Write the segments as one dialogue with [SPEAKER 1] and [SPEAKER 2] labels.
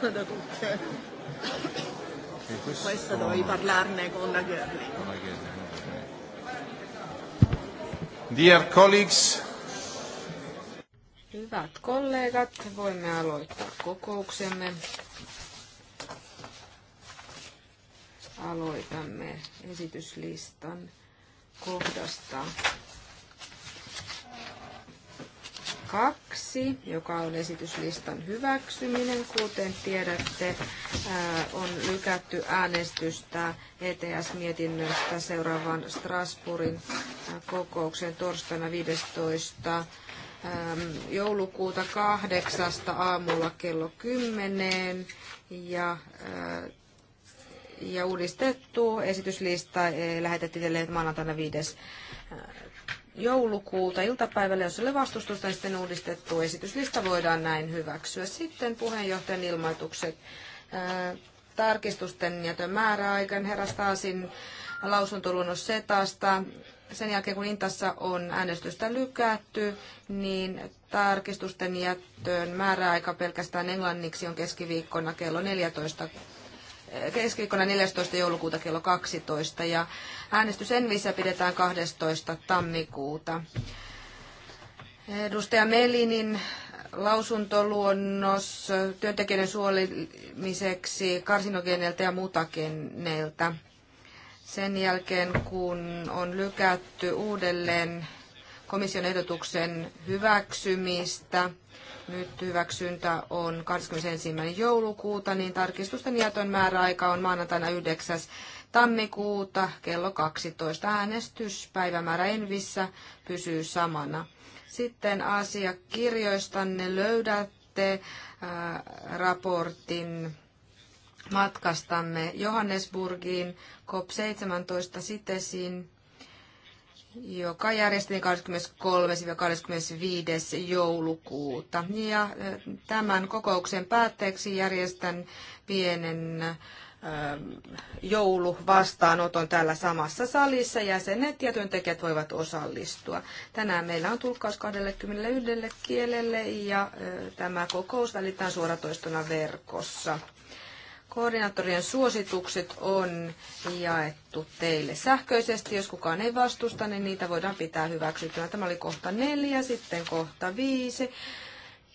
[SPEAKER 1] da tutte. questo... questo dovevi parlarne con la Gerling. No, Dear colleagues,
[SPEAKER 2] Hyvät kollegat, voimme aloittaa kokouksemme. Aloitamme esityslistan kohdasta kaksi, joka on esityslistan hyväksyminen. Kuten tiedätte, on lykätty äänestystä ETS-mietinnöstä seuraavan Strasbourgin kokoukseen torstaina 15 joulukuuta kahdeksasta aamulla kello 10 ja, ja uudistettu esityslista lähetettiin teille maanantaina 5 joulukuuta iltapäivällä. Jos ei ole vastustusta, niin sitten uudistettu esityslista voidaan näin hyväksyä. Sitten puheenjohtajan ilmoitukset. Tarkistusten ja määräaikaan herra Staasin lausuntoluonnos setasta. Sen jälkeen kun Intassa on äänestystä lykätty, niin tarkistusten jättöön määräaika pelkästään englanniksi on keskiviikkona kello 14 keskiviikkona 14. joulukuuta kello 12 ja äänestys Envissä pidetään 12. tammikuuta. Edustaja Melinin lausuntoluonnos työntekijöiden suolimiseksi karsinogeneilta ja mutageneilta. Sen jälkeen, kun on lykätty uudelleen komission ehdotuksen hyväksymistä, nyt hyväksyntä on 21. joulukuuta, niin tarkistusten jätön määräaika on maanantaina 9. tammikuuta kello 12. Äänestys päivämäärä Envissä pysyy samana. Sitten asiakirjoistanne löydätte äh, raportin matkastamme Johannesburgiin COP17 Sitesiin joka järjestettiin 23-25. joulukuuta. Ja tämän kokouksen päätteeksi järjestän pienen jouluvastaanoton täällä samassa salissa. Jäsenet ja työntekijät voivat osallistua. Tänään meillä on tulkkaus 21 kielelle ja tämä kokous välitään suoratoistona verkossa. Koordinaattorien suositukset on jaettu teille sähköisesti. Jos kukaan ei vastusta, niin niitä voidaan pitää hyväksyttynä. Tämä oli kohta neljä, sitten kohta viisi.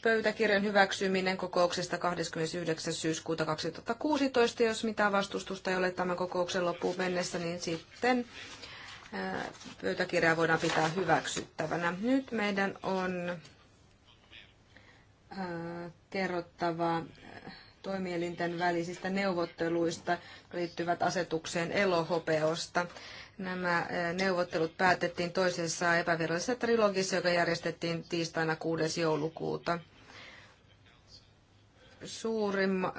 [SPEAKER 2] Pöytäkirjan hyväksyminen kokouksesta 29. syyskuuta 2016. Jos mitään vastustusta ei ole tämän kokouksen loppuun mennessä, niin sitten pöytäkirjaa voidaan pitää hyväksyttävänä. Nyt meidän on kerrottava toimielinten välisistä neuvotteluista liittyvät asetukseen elohopeosta. Nämä eh, neuvottelut päätettiin toisessa epävirallisessa trilogissa, joka järjestettiin tiistaina 6. joulukuuta. Suurimmat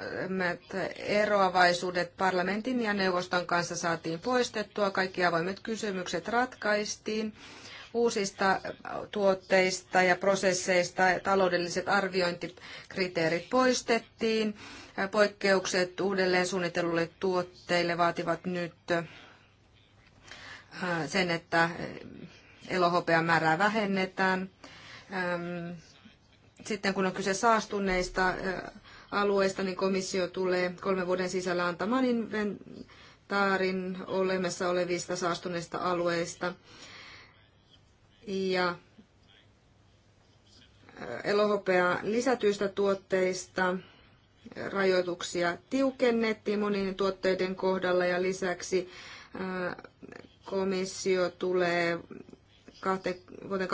[SPEAKER 2] eroavaisuudet parlamentin ja neuvoston kanssa saatiin poistettua, kaikki avoimet kysymykset ratkaistiin uusista tuotteista ja prosesseista taloudelliset arviointikriteerit poistettiin. Poikkeukset uudelleen suunnitellulle tuotteille vaativat nyt äh, sen, että elohopean määrää vähennetään. Ähm, sitten kun on kyse saastuneista äh, alueista, niin komissio tulee kolmen vuoden sisällä antamaan inventaarin olemassa olevista saastuneista alueista ja äh, elohopea lisätyistä tuotteista rajoituksia tiukennettiin monien tuotteiden kohdalla ja lisäksi äh, komissio tulee vuoteen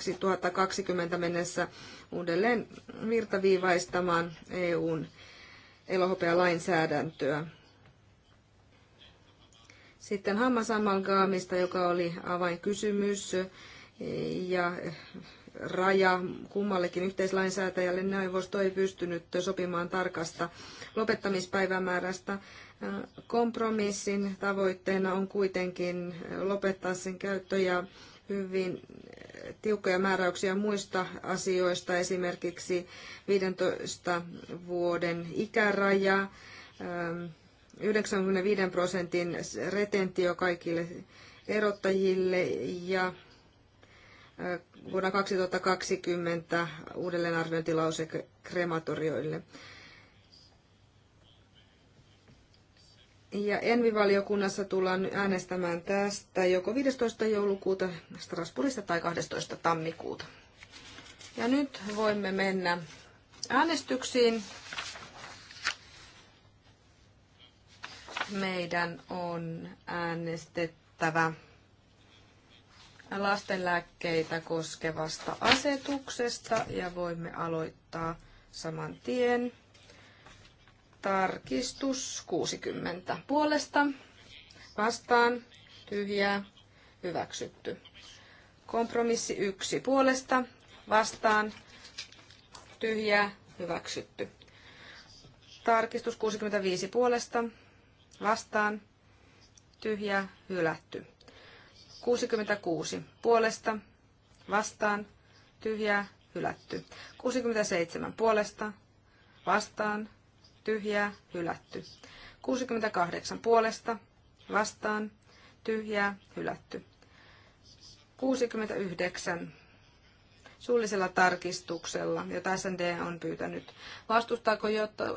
[SPEAKER 2] 2020 mennessä uudelleen virtaviivaistamaan EUn elohopealainsäädäntöä. Sitten hammasamalgaamista, joka oli avainkysymys. kysymys ja raja kummallekin yhteislainsäätäjälle. Neuvosto ei pystynyt sopimaan tarkasta lopettamispäivämäärästä. Kompromissin tavoitteena on kuitenkin lopettaa sen käyttö ja hyvin tiukkoja määräyksiä muista asioista, esimerkiksi 15 vuoden ikäraja, 95 ähm, prosentin retentio kaikille erottajille ja vuonna 2020 uudelleenarviointilause krematorioille. Ja Envivaliokunnassa tullaan äänestämään tästä joko 15. joulukuuta Strasbourgissa tai 12. tammikuuta. Ja nyt voimme mennä äänestyksiin. Meidän on äänestettävä lastenlääkkeitä koskevasta asetuksesta ja voimme aloittaa saman tien. Tarkistus 60 puolesta. Vastaan. Tyhjää. Hyväksytty. Kompromissi 1 puolesta. Vastaan. Tyhjää. Hyväksytty. Tarkistus 65 puolesta. Vastaan. tyhjä Hylätty. 66 puolesta, vastaan, tyhjää, hylätty. 67 puolesta, vastaan, tyhjää, hylätty. 68 puolesta, vastaan, tyhjää, hylätty. 69 suullisella tarkistuksella, jota SND on pyytänyt. Vastustaako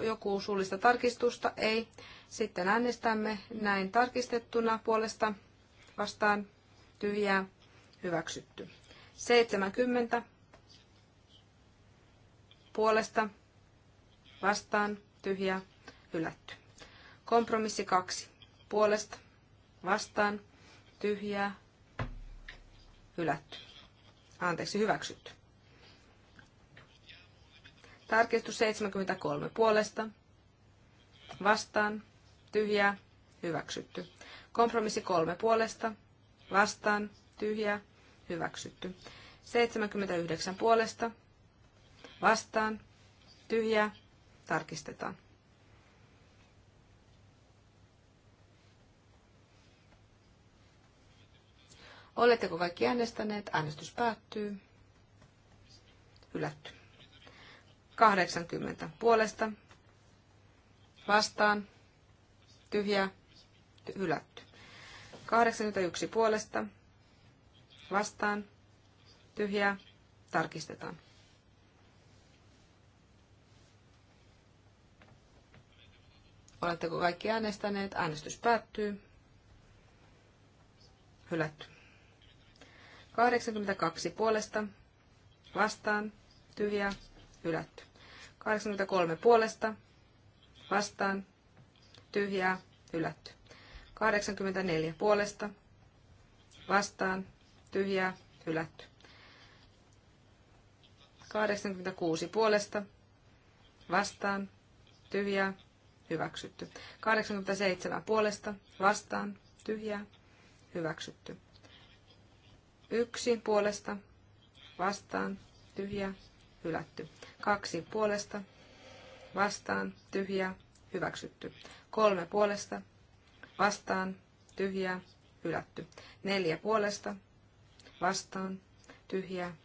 [SPEAKER 2] joku suullista tarkistusta? Ei. Sitten äänestämme näin tarkistettuna puolesta vastaan tyhjää, hyväksytty. 70 puolesta, vastaan, tyhjää, hylätty. Kompromissi 2 puolesta, vastaan, tyhjää, hylätty. Anteeksi, hyväksytty. Tarkistus 73 puolesta, vastaan, tyhjää, hyväksytty. Kompromissi 3 puolesta, vastaan, tyhjä hyväksytty. 79 puolesta, vastaan, tyhjä tarkistetaan. Oletteko kaikki äänestäneet? Äänestys päättyy. Hylätty. 80 puolesta, vastaan, tyhjä hylätty. 81 puolesta. Vastaan. Tyhjää. Tarkistetaan. Oletteko kaikki äänestäneet? Äänestys päättyy. Hylätty. 82 puolesta. Vastaan. Tyhjää. Hylätty. 83 puolesta. Vastaan. Tyhjää. Hylätty. 84 puolesta vastaan tyhjää hylätty. 86 puolesta vastaan tyhjää hyväksytty. 87 puolesta vastaan tyhjää hyväksytty. Yksi puolesta vastaan tyhjää hylätty. Kaksi puolesta vastaan tyhjää hyväksytty. Kolme puolesta vastaan, tyhjää, hylätty. Neljä puolesta, vastaan, tyhjää,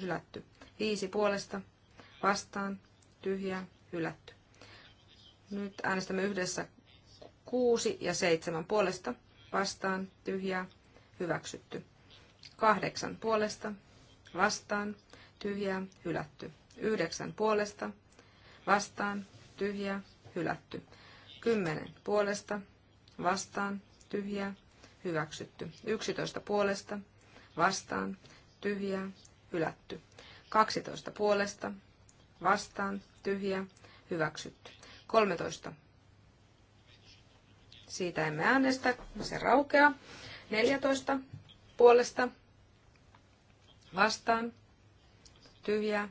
[SPEAKER 2] hylätty. Viisi puolesta, vastaan, tyhjää, hylätty. Nyt äänestämme yhdessä kuusi ja seitsemän puolesta, vastaan, tyhjää, hyväksytty. Kahdeksan puolesta, vastaan, tyhjää, hylätty. Yhdeksän puolesta, vastaan, tyhjää, hylätty. Kymmenen puolesta, vastaan, tyhjää, hyväksytty. 11 puolesta, vastaan, tyhjää, hylätty. 12 puolesta, vastaan, tyhjää, hyväksytty. 13. Siitä emme äänestä, se raukeaa. 14 puolesta, vastaan, tyhjää,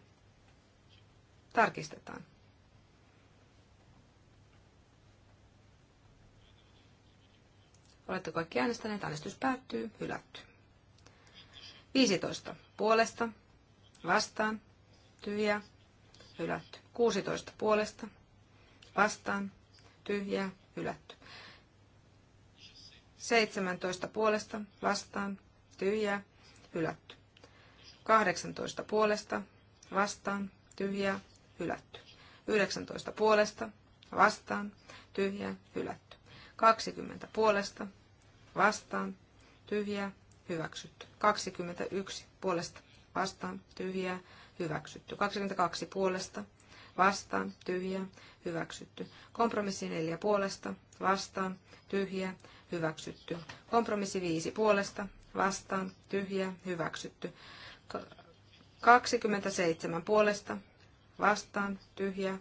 [SPEAKER 2] tarkistetaan. Olette kaikki äänestäneet? Äänestys päättyy. Hylätty. 15. Puolesta. Vastaan. tyhjä, Hylätty. 16. Puolesta. Vastaan. tyhjä, Hylätty. 17. Puolesta. Vastaan. tyhjä, Hylätty. 18. Puolesta. Vastaan. tyhjä, Hylätty. 19. Puolesta. Vastaan. tyhjä, Hylätty. 20 puolesta, vastaan, tyhjä hyväksytty. 21 puolesta, vastaan, tyhjä hyväksytty. 22 puolesta, vastaan, tyhjä hyväksytty. Kompromissi 4 puolesta, vastaan, tyhjä hyväksytty. Kompromissi 5 puolesta, vastaan, tyhjä hyväksytty. 27 puolesta, vastaan, tyhjä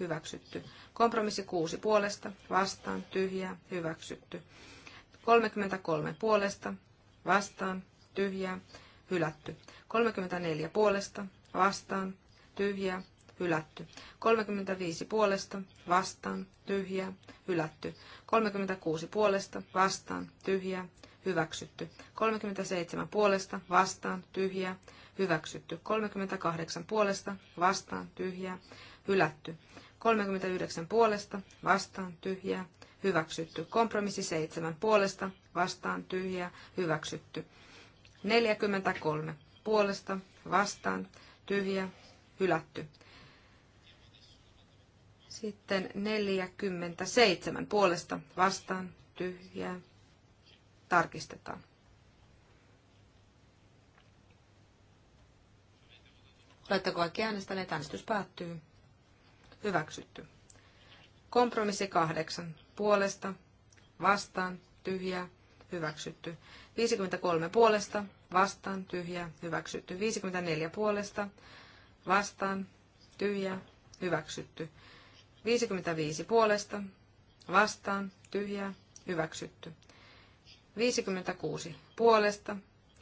[SPEAKER 2] hyväksytty. Kompromissi 6 puolesta, vastaan, tyhjää, hyväksytty. 33 puolesta, vastaan, tyhjää, hylätty. 34 puolesta, vastaan, tyhjää, hylätty. 35 puolesta, vastaan, tyhjää, hylätty. 36 puolesta, vastaan, tyhjää, hyväksytty. 37 puolesta, vastaan, tyhjää, hyväksytty. 38 puolesta, vastaan, tyhjää, hylätty. 39 puolesta, vastaan, tyhjää, hyväksytty. Kompromissi 7 puolesta, vastaan, tyhjää, hyväksytty. 43 puolesta, vastaan, tyhjä, hylätty. Sitten 47 puolesta, vastaan, tyhjää, tarkistetaan. Oletteko äänestäneet? Äänestys päättyy. Hyväksytty. Kompromissi kahdeksan. Puolesta, vastaan, tyhjää, hyväksytty. 53 puolesta, vastaan, tyhjää, hyväksytty. 54 puolesta, vastaan, tyhjää, hyväksytty. 55 puolesta, vastaan, tyhjää, hyväksytty. 56 puolesta,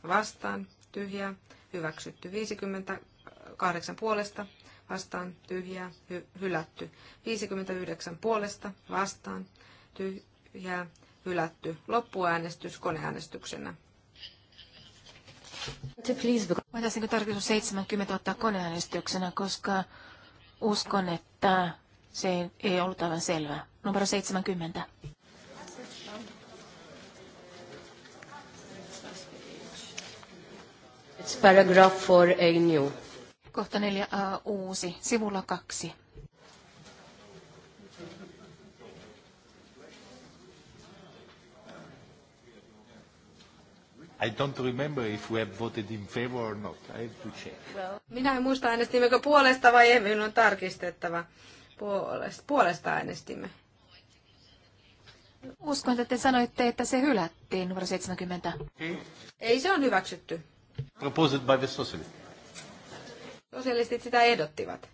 [SPEAKER 2] vastaan, tyhjää, hyväksytty. 58 puolesta, vastaan tyhjää hy- hylätty. 59 puolesta vastaan tyhjää hylätty. Loppuäänestys koneäänestyksenä.
[SPEAKER 3] Voitaisinko tarkistus 70 ottaa koneäänestyksenä, koska uskon, että se ei ollut aivan selvää. Numero 70. It's paragraph 4 A new. Kohta 4a uusi, sivulla 2.
[SPEAKER 1] I don't remember if we have voted in favor or not. I have to check.
[SPEAKER 2] minä en muista äänestimmekö puolesta vai ei, minun on tarkistettava. Puolesta, puolesta äänestimme.
[SPEAKER 3] Uskon, että te sanoitte, että se hylättiin numero 70. Ei. Ei, se on hyväksytty.
[SPEAKER 1] Proposed by the socialist.
[SPEAKER 2] Sosialistit sitä ehdottivat.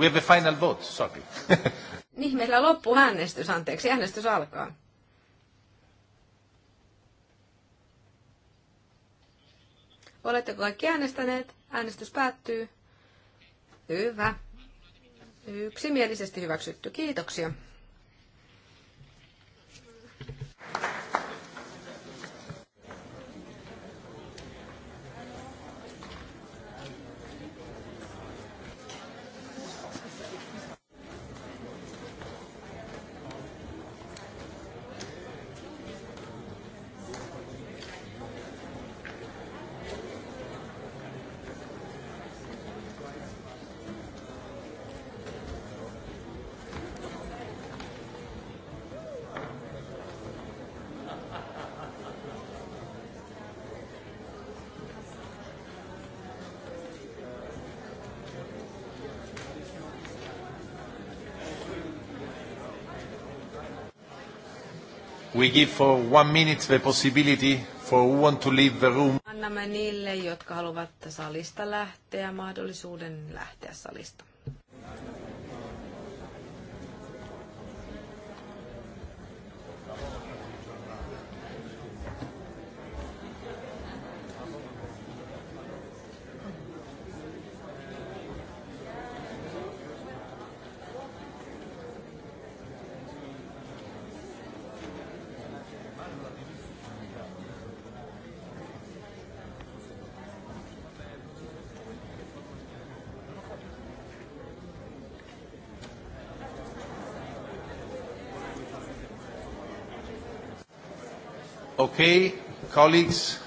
[SPEAKER 1] We have a final vote, sorry.
[SPEAKER 2] niin, meillä loppu äänestys, anteeksi, äänestys alkaa. Oletteko kaikki äänestäneet? Äänestys päättyy. Hyvä. Yksimielisesti hyväksytty. Kiitoksia.
[SPEAKER 1] We give for one minute the possibility for who want to leave the room.
[SPEAKER 2] Annamme niille, jotka haluavat salista lähteä, mahdollisuuden lähteä salista.
[SPEAKER 1] Okay, colleagues,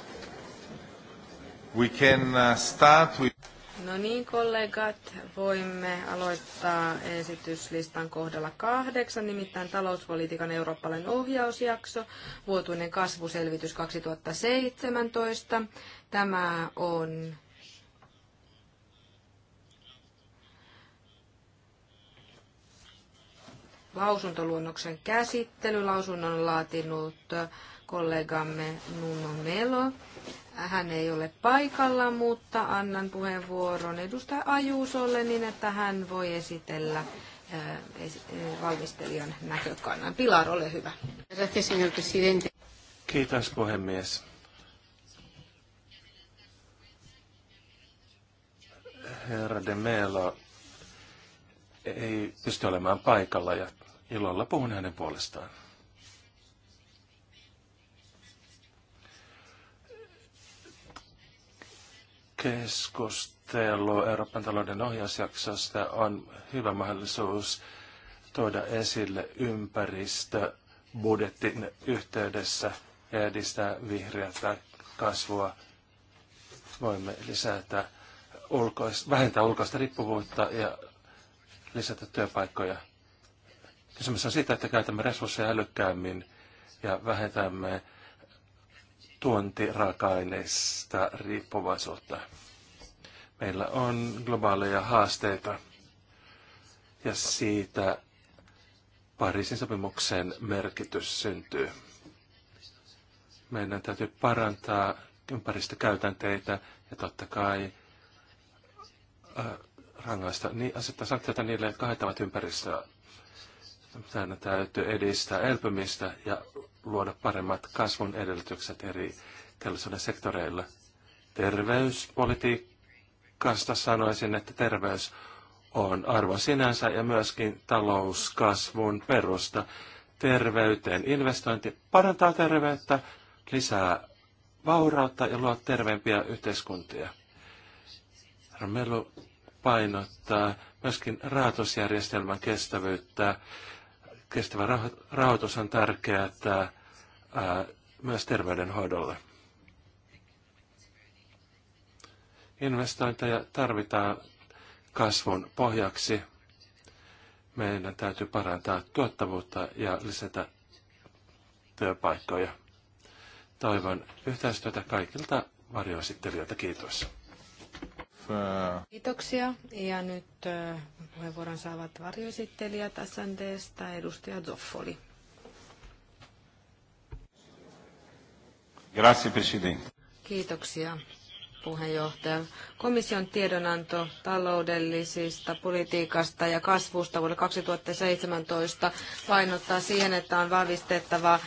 [SPEAKER 1] we can uh, start with...
[SPEAKER 2] No niin, kollegat, voimme aloittaa esityslistan kohdalla kahdeksan, nimittäin talouspolitiikan eurooppalainen ohjausjakso, vuotuinen kasvuselvitys 2017. Tämä on lausuntoluonnoksen käsittely. Lausunnon laatinut kollegamme Nuno Melo. Hän ei ole paikalla, mutta annan puheenvuoron edustaja Ajuusolle niin, että hän voi esitellä eh, eh, valmistelijan näkökannan. Pilar, ole hyvä.
[SPEAKER 1] Kiitos puhemies. Herra de Melo ei pysty olemaan paikalla ja ilolla puhun hänen puolestaan. Keskustelu Euroopan talouden ohjausjaksosta on hyvä mahdollisuus tuoda esille ympäristöbudjetin yhteydessä ja edistää vihreätä kasvua. Voimme lisätä ulkois, vähentää ulkoista riippuvuutta ja lisätä työpaikkoja. Kysymys on siitä, että käytämme resursseja älykkäämmin ja vähentämme tuontiraaka-aineista riippuvaisuutta. Meillä on globaaleja haasteita ja siitä Pariisin sopimuksen merkitys syntyy. Meidän täytyy parantaa ympäristökäytänteitä ja totta kai äh, rangaista, niin asettaa sanktioita niille, jotka haittavat ympäristöä Tänne täytyy edistää elpymistä ja luoda paremmat kasvun edellytykset eri teollisuuden sektoreille. Terveyspolitiikasta sanoisin, että terveys on arvo sinänsä ja myöskin talouskasvun perusta. Terveyteen investointi parantaa terveyttä, lisää vaurautta ja luo terveempiä yhteiskuntia. Ramelu painottaa myöskin raatusjärjestelmän kestävyyttä kestävä rahoitus on tärkeää että, ää, myös terveydenhoidolle. Investointeja tarvitaan kasvun pohjaksi. Meidän täytyy parantaa tuottavuutta ja lisätä työpaikkoja. Toivon yhteistyötä kaikilta varjoesittelijöiltä. Kiitos. Äh,
[SPEAKER 2] Kiitoksia. Ja nyt äh, puheenvuoron saavat varjoesittelijät SNDstä, edustaja Zoffoli.
[SPEAKER 1] Grazie, Presidente.
[SPEAKER 2] Kiitoksia puheenjohtaja. Komission tiedonanto taloudellisista politiikasta ja kasvusta vuodelle 2017 painottaa siihen, että on vahvistettava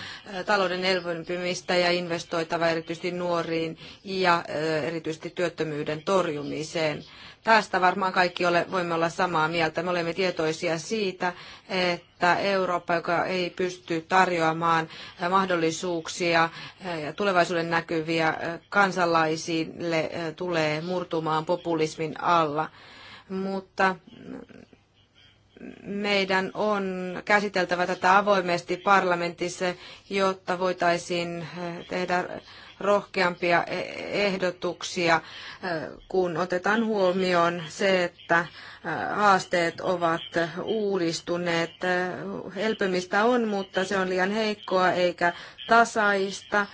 [SPEAKER 2] talouden elvympymistä ja investoitava erityisesti nuoriin ja erityisesti työttömyyden torjumiseen. Tästä varmaan kaikki ole, voimme olla samaa mieltä. Me olemme tietoisia siitä, että Eurooppa, joka ei pysty tarjoamaan eh, mahdollisuuksia eh, ja tulevaisuuden näkyviä eh, kansalaisille, tulee murtumaan populismin alla. Mutta mm, meidän on käsiteltävä tätä avoimesti parlamentissa, jotta voitaisiin tehdä rohkeampia e- ehdotuksia, kun otetaan huomioon se, että haasteet ovat uudistuneet. Elpymistä on, mutta se on liian heikkoa eikä tasaista.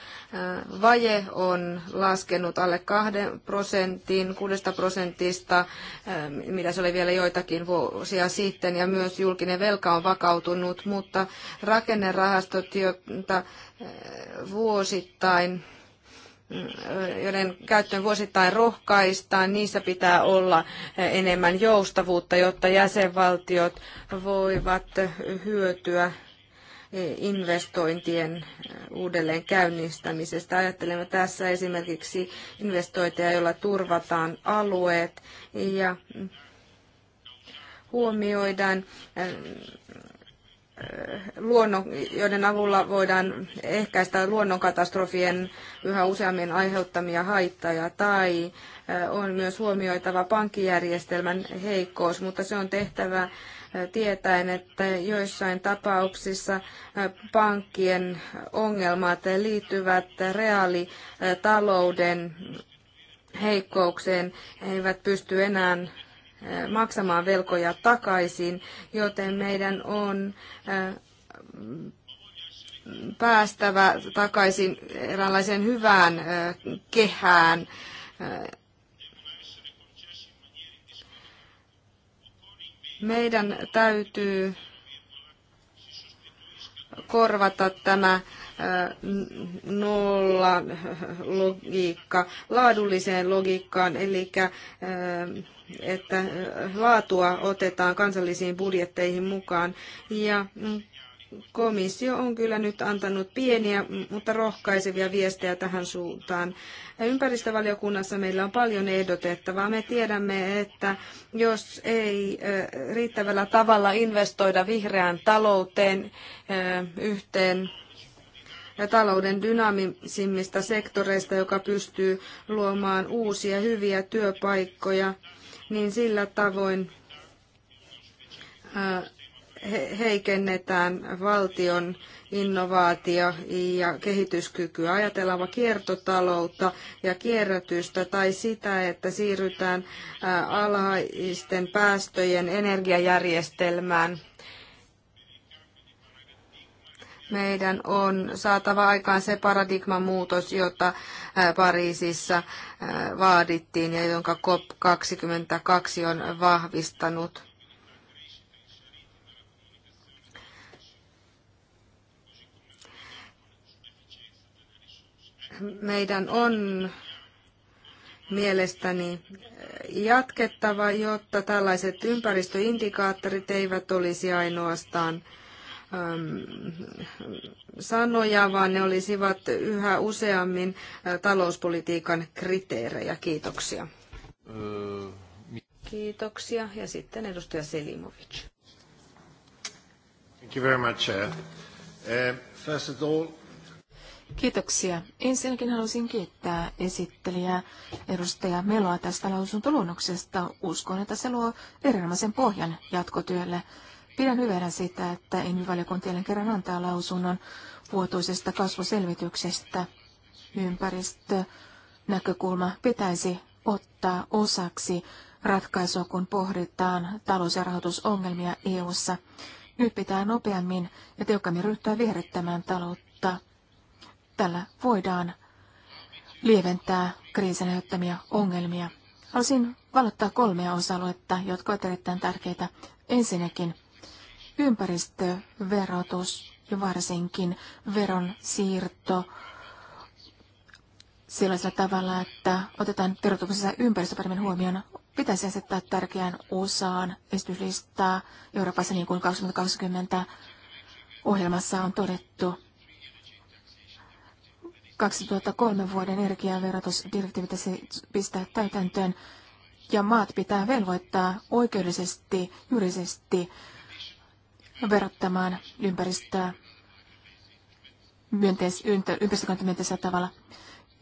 [SPEAKER 2] Vaje on laskenut alle 2 prosentin, 6 prosentista, mitä se oli vielä joitakin vuosia sitten, ja myös julkinen velka on vakautunut, mutta rakennerahastot, joita vuosittain joiden käyttöön vuosittain rohkaistaan, niissä pitää olla enemmän joustavuutta, jotta jäsenvaltiot voivat hyötyä investointien uudelleen käynnistämisestä. Ajattelemme tässä esimerkiksi investointeja, joilla turvataan alueet ja huomioidaan luonnon, joiden avulla voidaan ehkäistä luonnonkatastrofien yhä useammin aiheuttamia haittoja tai on myös huomioitava pankkijärjestelmän heikkous, mutta se on tehtävä tietäen, että joissain tapauksissa pankkien ongelmat liittyvät reaalitalouden heikkoukseen. He eivät pysty enää Eh, maksamaan velkoja takaisin, joten meidän on eh, päästävä takaisin eräänlaiseen hyvään eh, kehään. Meidän täytyy korvata tämä nolla logiikka laadulliseen logiikkaan, eli äh, että äh, laatua otetaan kansallisiin budjetteihin mukaan. Ja mm, komissio on kyllä nyt antanut pieniä, mutta rohkaisevia viestejä tähän suuntaan. Ympäristövaliokunnassa meillä on paljon ehdotettavaa. Me tiedämme, että jos ei äh, riittävällä tavalla investoida vihreään talouteen yhteen talouden dynaamisimmista sektoreista, joka pystyy luomaan uusia hyviä työpaikkoja, niin sillä tavoin heikennetään valtion innovaatio- ja kehityskykyä. Ajatellaan kiertotaloutta ja kierrätystä tai sitä, että siirrytään alhaisten päästöjen energiajärjestelmään – meidän on saatava aikaan se paradigman muutos, jota äh, Pariisissa äh, vaadittiin ja jonka COP22 on vahvistanut. Meidän on mielestäni jatkettava, jotta tällaiset ympäristöindikaattorit eivät olisi ainoastaan Ähm, sanoja, vaan ne olisivat yhä useammin äh, talouspolitiikan kriteerejä. Kiitoksia. Kiitoksia. Ja
[SPEAKER 3] sitten edustaja Selimovic.
[SPEAKER 1] Thank you very much, First of all,
[SPEAKER 3] Kiitoksia. Ensinnäkin haluaisin kiittää esittelijää edustaja Meloa tästä lausuntoluonnoksesta. Uskon, että se luo erinomaisen pohjan jatkotyölle. Pidän hyvänä sitä, että ENVY-valiokunta jälleen kerran antaa lausunnon vuotuisesta kasvuselvityksestä. Ympäristönäkökulma pitäisi ottaa osaksi ratkaisua, kun pohditaan talous- ja rahoitusongelmia EU:ssa. Nyt pitää nopeammin ja tiukemmin ryhtyä viherryttämään taloutta. Tällä voidaan lieventää kriisin aiheuttamia ongelmia. Haluaisin valottaa kolmea osa-aluetta, jotka ovat erittäin tärkeitä. Ensinnäkin Ympäristöverotus ja varsinkin veron siirto sellaisella tavalla, että otetaan verotuksessa ympäristö paremmin huomioon, pitäisi asettaa tärkeään osaan esityslistaa Euroopassa niin kuin 2020 ohjelmassa on todettu. 2003 vuoden energiaverotusdirektiivi pitäisi pistää täytäntöön ja maat pitää velvoittaa oikeudellisesti, juridisesti verottamaan ympäristöä myönteis, ympäristökantamyönteisellä tavalla.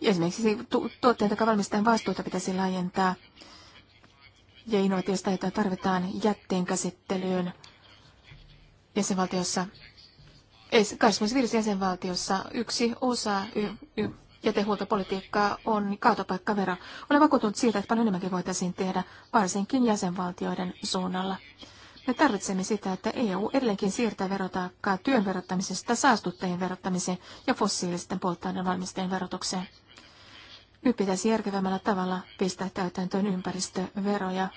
[SPEAKER 3] Esimerkiksi tuotteita, jotka valmistetaan vastuuta, pitäisi laajentaa. Ja innovatiivista taitoa tarvitaan jätteen käsittelyyn jäsenvaltiossa. 25 jäsenvaltiossa yksi osa y- y- jätehuoltopolitiikkaa on kaatopaikkavero. Olen vakuuttunut siitä, että paljon enemmänkin voitaisiin tehdä, varsinkin jäsenvaltioiden suunnalla. Me tarvitsemme sitä, että EU edelleenkin siirtää verotaakkaa työn verottamisesta saastuttajien verottamiseen ja fossiilisten polttoaineen valmisteen verotukseen. Nyt pitäisi järkevämmällä tavalla pistää täytäntöön ympäristöveroja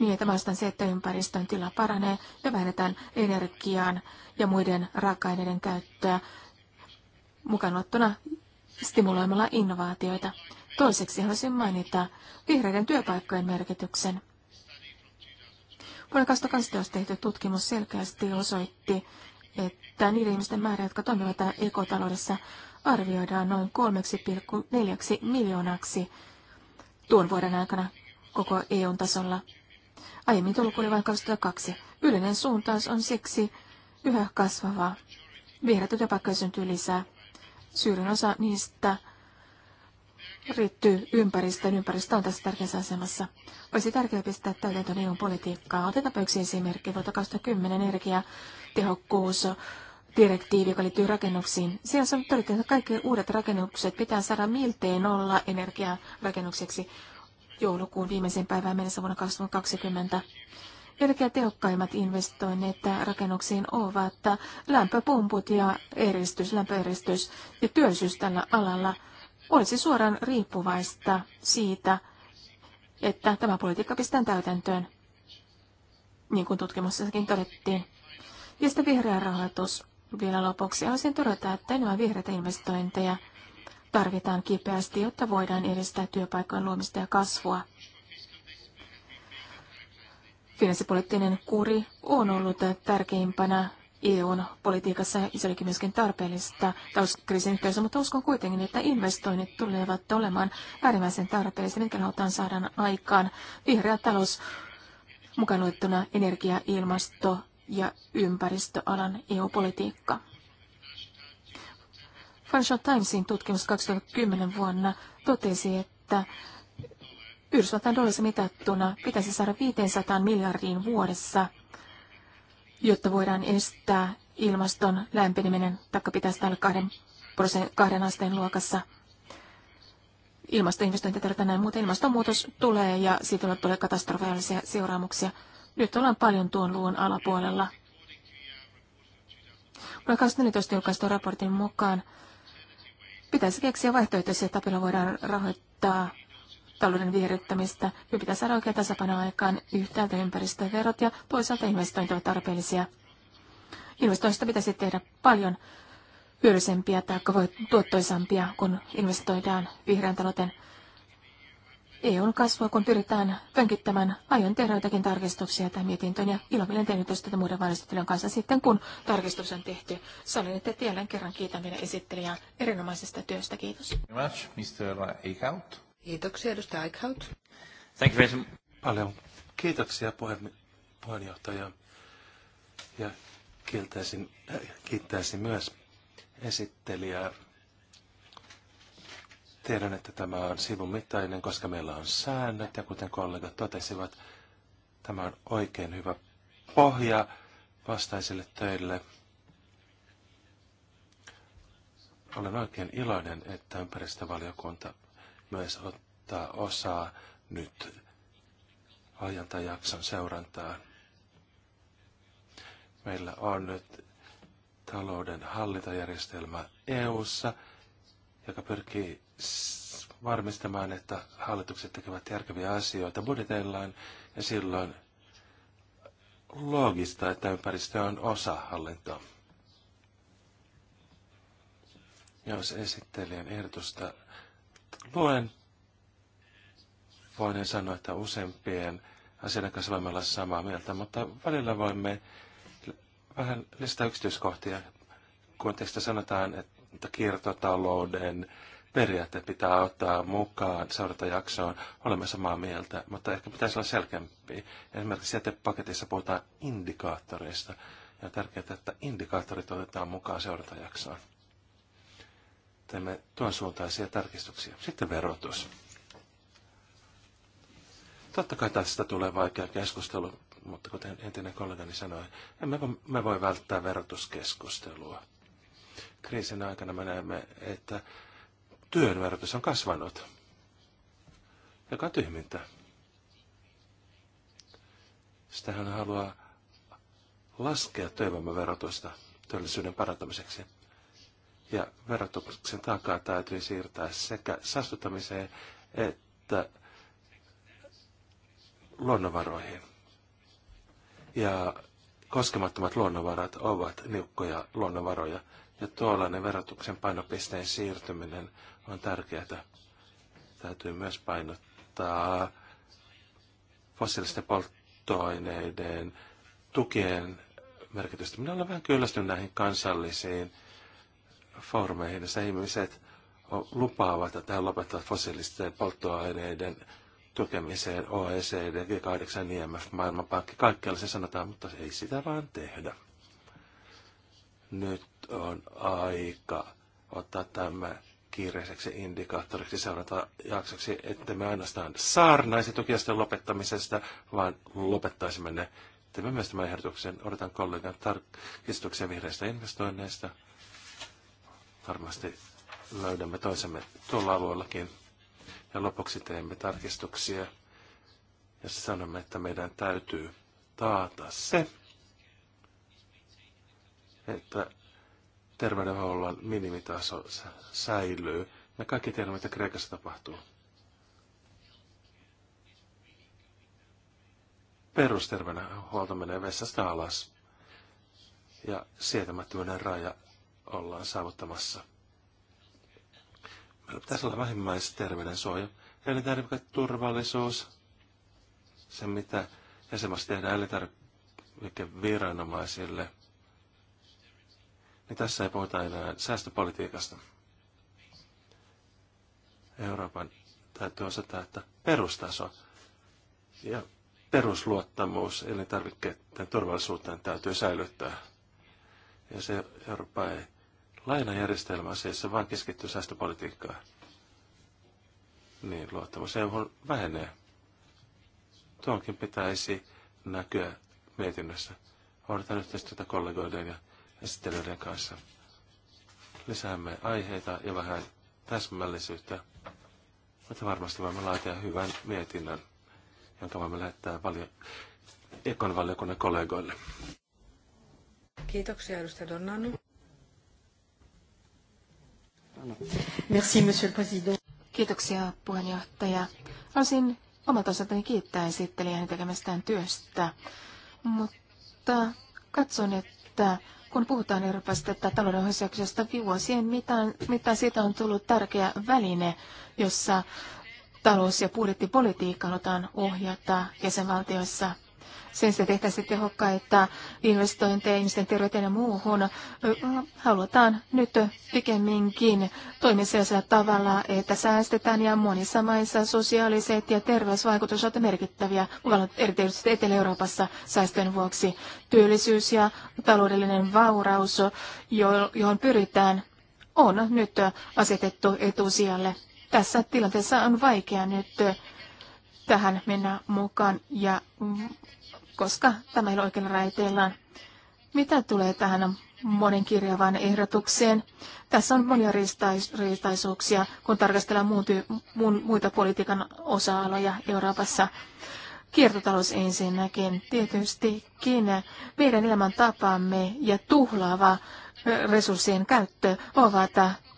[SPEAKER 3] niin, että vastaan se, että ympäristön tila paranee ja vähennetään energiaan ja muiden raaka-aineiden käyttöä mukanottuna stimuloimalla innovaatioita. Toiseksi haluaisin mainita vihreiden työpaikkojen merkityksen. Vuonna 2012 tehty tutkimus selkeästi osoitti, että niiden ihmisten määrä, jotka toimivat ekotaloudessa, arvioidaan noin 3,4 miljoonaksi tuon vuoden aikana koko eu tasolla. Aiemmin tullut oli vain 2002. Yleinen suuntaus on siksi yhä kasvavaa. Vihreitä työpaikkoja syntyy lisää. Suurin osa niistä riittyy ympäristöön. Ympäristö on tässä tärkeässä asemassa. Olisi tärkeää pistää täytäntöön EUn politiikkaa. Otetaanpa yksi esimerkki. Vuotta 2010 energiatehokkuus direktiivi, joka liittyy rakennuksiin. Siellä on todettu, että kaikki uudet rakennukset pitää saada miltei nolla energiarakennukseksi joulukuun viimeisen päivään mennessä vuonna 2020. Energiatehokkaimmat investoinnit rakennuksiin ovat lämpöpumput ja eristys, lämpöeristys ja työllisyys tällä alalla – olisi suoraan riippuvaista siitä, että tämä politiikka pistetään täytäntöön, niin kuin tutkimuksessakin todettiin. Ja sitten vihreä rahoitus vielä lopuksi. Haluaisin todeta, että enemmän vihreitä investointeja tarvitaan kipeästi, jotta voidaan edistää työpaikkojen luomista ja kasvua. Finanssipoliittinen kuri on ollut tärkeimpänä EUn politiikassa ja myöskin tarpeellista talouskriisin yhteydessä, mutta uskon kuitenkin, että investoinnit tulevat olemaan äärimmäisen tarpeellisia, mitkä halutaan saada aikaan vihreä talous mukaan luettuna energia, ilmasto ja ympäristöalan EU-politiikka. Financial Timesin tutkimus 2010 vuonna totesi, että Yhdysvaltain dollarissa mitattuna pitäisi saada 500 miljardiin vuodessa – jotta voidaan estää ilmaston lämpeneminen, taikka pitäisi olla kahden, kahden asteen luokassa. Ilmastoinvestointeja tarvitaan näin, mutta ilmastonmuutos tulee ja siitä tulee, tulee katastrofaalisia seuraamuksia. Nyt ollaan paljon tuon luun alapuolella. Vuonna 2014 julkaistun raportin mukaan pitäisi keksiä vaihtoehtoisia tapilla, voidaan rahoittaa talouden viherryttämistä. Jo pitää saada oikea tasapaino aikaan yhtäältä ympäristöverot ja toisaalta investointi ovat tarpeellisia. Investoinnista pitäisi tehdä paljon hyödyllisempiä tai tuottoisampia, kun investoidaan vihreän talouteen. EUn kasvua, kun pyritään pönkittämään, aion tehdä jotakin tarkistuksia tai mietintöön ja ilomielen tehnyt tästä muiden valmistelijan kanssa sitten, kun tarkistus on tehty. Salin, että jälleen kerran kiitän vielä esittelijää erinomaisesta työstä. Kiitos.
[SPEAKER 1] Much, Mr.
[SPEAKER 3] Kiitoksia, edustaja Eichhout.
[SPEAKER 1] Thank you very paljon. Kiitoksia puheenjohtaja. Ja kiittäisin, äh, kiittäisin myös esittelijää. Tiedän, että tämä on sivun mittainen, koska meillä on säännöt ja kuten kollegat totesivat, tämä on oikein hyvä pohja vastaisille töille. Olen oikein iloinen, että ympäristövaliokunta myös ottaa osaa nyt ajalta jakson seurantaa. Meillä on nyt talouden hallintajärjestelmä EU:ssa, joka pyrkii varmistamaan, että hallitukset tekevät järkeviä asioita budjeteillaan ja silloin loogista, että ympäristö on osa hallintoa. Jos esittelijän ehdotusta luen, voin sanoa, että useampien asioiden kanssa voimme olla samaa mieltä, mutta välillä voimme vähän lisätä yksityiskohtia, kun teistä sanotaan, että kiertotalouden periaatteet pitää ottaa mukaan seurantajaksoon. Olemme samaa mieltä, mutta ehkä pitäisi olla selkeämpi. Esimerkiksi jätepaketissa puhutaan indikaattoreista, ja on tärkeää, että indikaattorit otetaan mukaan seurantajaksoon teemme tuon suuntaisia tarkistuksia. Sitten verotus. Totta kai tästä tulee vaikea keskustelu, mutta kuten entinen kollegani sanoi, emme me voi välttää verotuskeskustelua. Kriisin aikana me näemme, että työn verotus on kasvanut, joka on tyhmintä. Sitähän haluaa laskea työvoimaverotusta työllisyyden parantamiseksi ja verotuksen takaa täytyy siirtää sekä saastuttamiseen että luonnonvaroihin. Ja koskemattomat luonnonvarat ovat niukkoja luonnonvaroja, ja tuollainen verotuksen painopisteen siirtyminen on tärkeää. Täytyy myös painottaa fossiilisten polttoaineiden tukien merkitystä. Minä olen vähän kyllästynyt näihin kansallisiin foorumeihin, jossa ihmiset lupaavat, että he lopettavat fossiilisten polttoaineiden tukemiseen OECD, G8, IMF, Maailmanpankki, kaikkialla se sanotaan, mutta ei sitä vaan tehdä. Nyt on aika ottaa tämä kiireiseksi indikaattoriksi seurata jaksoksi, että me ainoastaan saarnaisi tukiasten lopettamisesta, vaan lopettaisimme ne. Teemme myös tämän ehdotuksen. Odotan kollegan tarkistuksia vihreistä investoinneista. Varmasti löydämme toisemme tuolla alueellakin. Ja lopuksi teemme tarkistuksia ja sanomme, että meidän täytyy taata se, että terveydenhuollon minimitaso säilyy. Me kaikki tiedämme, mitä Kreikassa tapahtuu. Perusterveydenhuolto menee vessasta alas ja sietämättömyyden raja ollaan saavuttamassa. Meillä pitäisi olla suoja. elintarviketurvallisuus, se mitä jäsenmaassa tehdään elintarvikeviranomaisille. Niin tässä ei puhuta enää säästöpolitiikasta. Euroopan täytyy osata, että perustaso ja perusluottamus elintarvikkeiden turvallisuuteen täytyy säilyttää. Ja se Eurooppa ei lainajärjestelmä asiassa vain keskittyy säästöpolitiikkaan, niin luottamus EU vähenee. Tuonkin pitäisi näkyä mietinnössä. Odotan yhteistyötä kollegoiden ja esittelyiden kanssa. Lisäämme aiheita ja vähän täsmällisyyttä, mutta varmasti voimme laatia hyvän mietinnön, jonka voimme lähettää valio- ekon valiokunnan kollegoille.
[SPEAKER 3] Kiitoksia
[SPEAKER 2] edustaja Donnanu.
[SPEAKER 3] Merci, monsieur le président. Kiitoksia, puheenjohtaja. Haluaisin omalta osaltani kiittää esittelijää hänen tekemästään työstä, mutta katson, että kun puhutaan Euroopasta talouden ohjausjaksosta, vuosien mitään, mittaan siitä on tullut tärkeä väline, jossa talous- ja budjettipolitiikka halutaan ohjata jäsenvaltioissa – sen sijaan tehtäisiin tehokkaita investointeja ihmisten terveyteen ja muuhun. Halutaan nyt pikemminkin toimia sellaisella tavalla, että säästetään ja monissa maissa sosiaaliset ja terveysvaikutukset ovat merkittäviä, erityisesti Etelä-Euroopassa säästöjen vuoksi. Työllisyys ja taloudellinen vauraus, johon pyritään, on nyt asetettu etusijalle. Tässä tilanteessa on vaikea nyt tähän mennä mukaan ja koska tämä ei ole oikein raiteillaan. Mitä tulee tähän monenkirjavaan ehdotukseen? Tässä on monia riistaisuuksia, kun tarkastellaan muita politiikan osa-aloja Euroopassa. Kiertotalous ensinnäkin, tietystikin meidän elämäntapamme ja tuhlaava resurssien käyttö ovat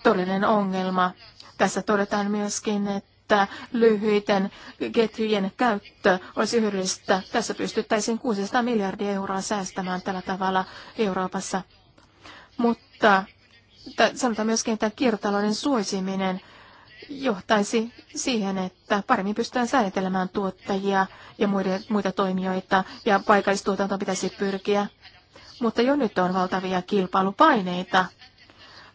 [SPEAKER 3] todellinen ongelma. Tässä todetaan myöskin, että että lyhyiden ketjujen käyttö olisi hyödyllistä. Tässä pystyttäisiin 600 miljardia euroa säästämään tällä tavalla Euroopassa. Mutta sanotaan myöskin, että kiertotalouden suosiminen johtaisi siihen, että paremmin pystytään säätelemään tuottajia ja muiden, muita toimijoita, ja paikallistuotantoon pitäisi pyrkiä. Mutta jo nyt on valtavia kilpailupaineita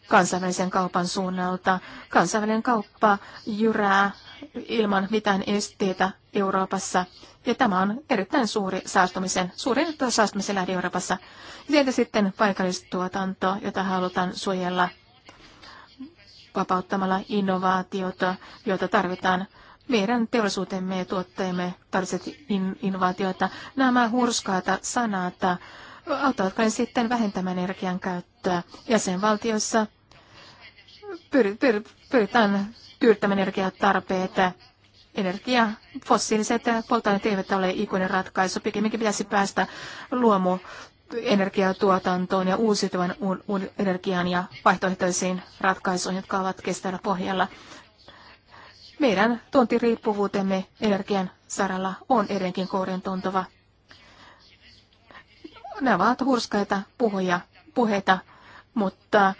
[SPEAKER 3] kansainvälisen kaupan suunnalta. Kansainvälinen kauppa jyrää ilman mitään esteitä Euroopassa. Ja tämä on erittäin suuri saastumisen, suuri saastumisen lähde Euroopassa. Sieltä sitten paikallistuotanto, jota halutaan suojella vapauttamalla innovaatiota, joita tarvitaan meidän teollisuutemme ja tuotteemme tarvitset in, innovaatioita. Nämä hurskaata sanata auttavatko ne sitten vähentämään energian käyttöä jäsenvaltiossa pyritään tyydyttämään energiatarpeet. Energia, fossiiliset polttoaineet eivät ole ikuinen ratkaisu. Pikemminkin pitäisi päästä luomu energiatuotantoon ja uusiutuvan energiaan ja vaihtoehtoisiin ratkaisuihin, jotka ovat kestävällä pohjalla. Meidän tuontiriippuvuutemme energian saralla on edelleenkin kourin tuntuva. Nämä ovat hurskaita puhuja, puheita, mutta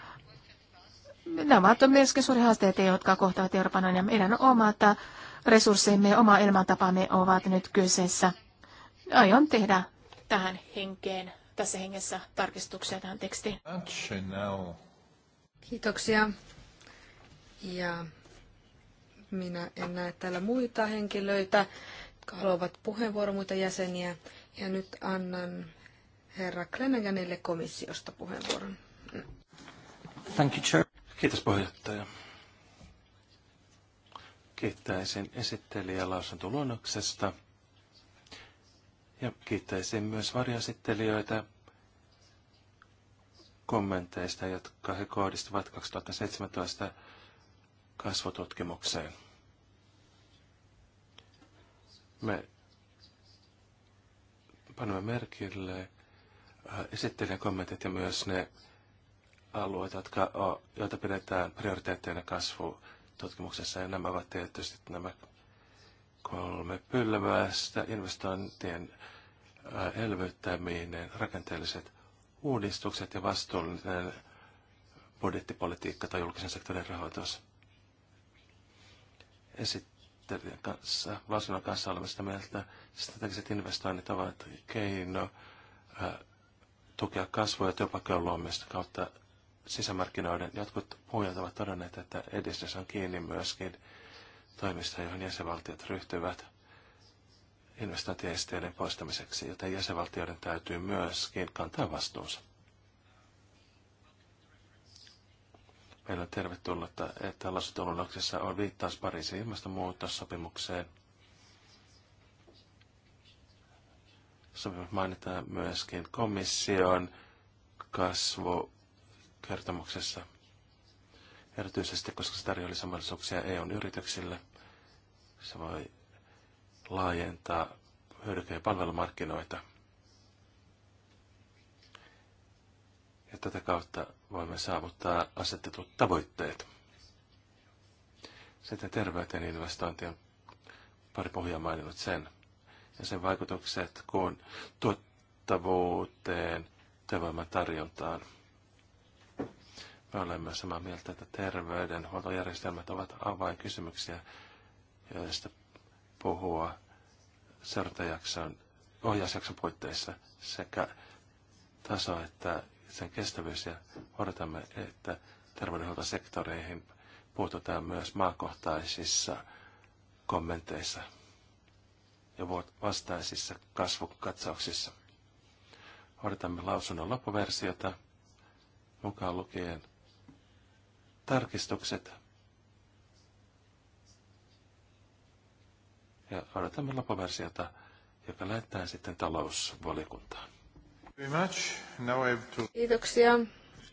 [SPEAKER 3] nämä ovat myöskin suuri haasteita, jotka kohtaavat Euroopan ja meidän omat resurssimme ja oma elämäntapamme ovat nyt kyseessä. Aion tehdä tähän henkeen, tässä hengessä tarkistuksia tähän tekstiin. Kiitoksia. Ja minä en
[SPEAKER 2] näe täällä muita henkilöitä, jotka haluavat puheenvuoron muita jäseniä. Ja nyt annan herra Klenäganille komissiosta puheenvuoron.
[SPEAKER 1] Thank you, Chair. Kiitos puheenjohtaja. Kiittäisin esittelijä lausuntoluonnoksesta ja kiittäisin myös varjoesittelijöitä kommenteista, jotka he kohdistuvat 2017 kasvotutkimukseen. Me panemme merkille äh, esittelijän kommentit ja myös ne alueita, jotka on, joita pidetään prioriteetteina kasvututkimuksessa, ja nämä ovat tietysti nämä kolme pylvästä, investointien elvyttäminen, rakenteelliset uudistukset ja vastuullinen budjettipolitiikka tai julkisen sektorin rahoitus. Esittelijän kanssa, lausunnon kanssa olemme sitä mieltä, strategiset investoinnit ovat keino tukea kasvua ja työpaikkojen luomista kautta sisämarkkinoiden. Jotkut puhujat ovat todenneet, että edistys on kiinni myöskin toimista, joihin jäsenvaltiot ryhtyvät investointiesteiden poistamiseksi, joten jäsenvaltioiden täytyy myöskin kantaa vastuunsa. Meillä on tervetullutta, että lausuntoluonnoksessa on viittaus Pariisin ilmastonmuutossopimukseen. Sopimus mainitaan myöskin komission kasvu kertomuksessa, erityisesti koska se tarjoaa lisämahdollisuuksia EUn yrityksille. Se voi laajentaa hyödyke- ja palvelumarkkinoita. Ja tätä kautta voimme saavuttaa asetetut tavoitteet. Sitten terveyteen on pari pohjaa maininnut sen. Ja sen vaikutukset kun tuottavuuteen, työvoiman tarjontaan. Me olemme samaa mieltä, että terveydenhuoltojärjestelmät ovat avainkysymyksiä, joista puhua seurantajakson ohjausjakson puitteissa sekä taso että sen kestävyys ja odotamme, että terveydenhuoltosektoreihin puututaan myös maakohtaisissa kommenteissa ja vastaisissa kasvukatsauksissa. Odotamme lausunnon loppuversiota mukaan lukien tarkistukset. Ja odotamme loppuversiota, joka lähettää sitten talousvaliokuntaan.
[SPEAKER 2] Kiitoksia.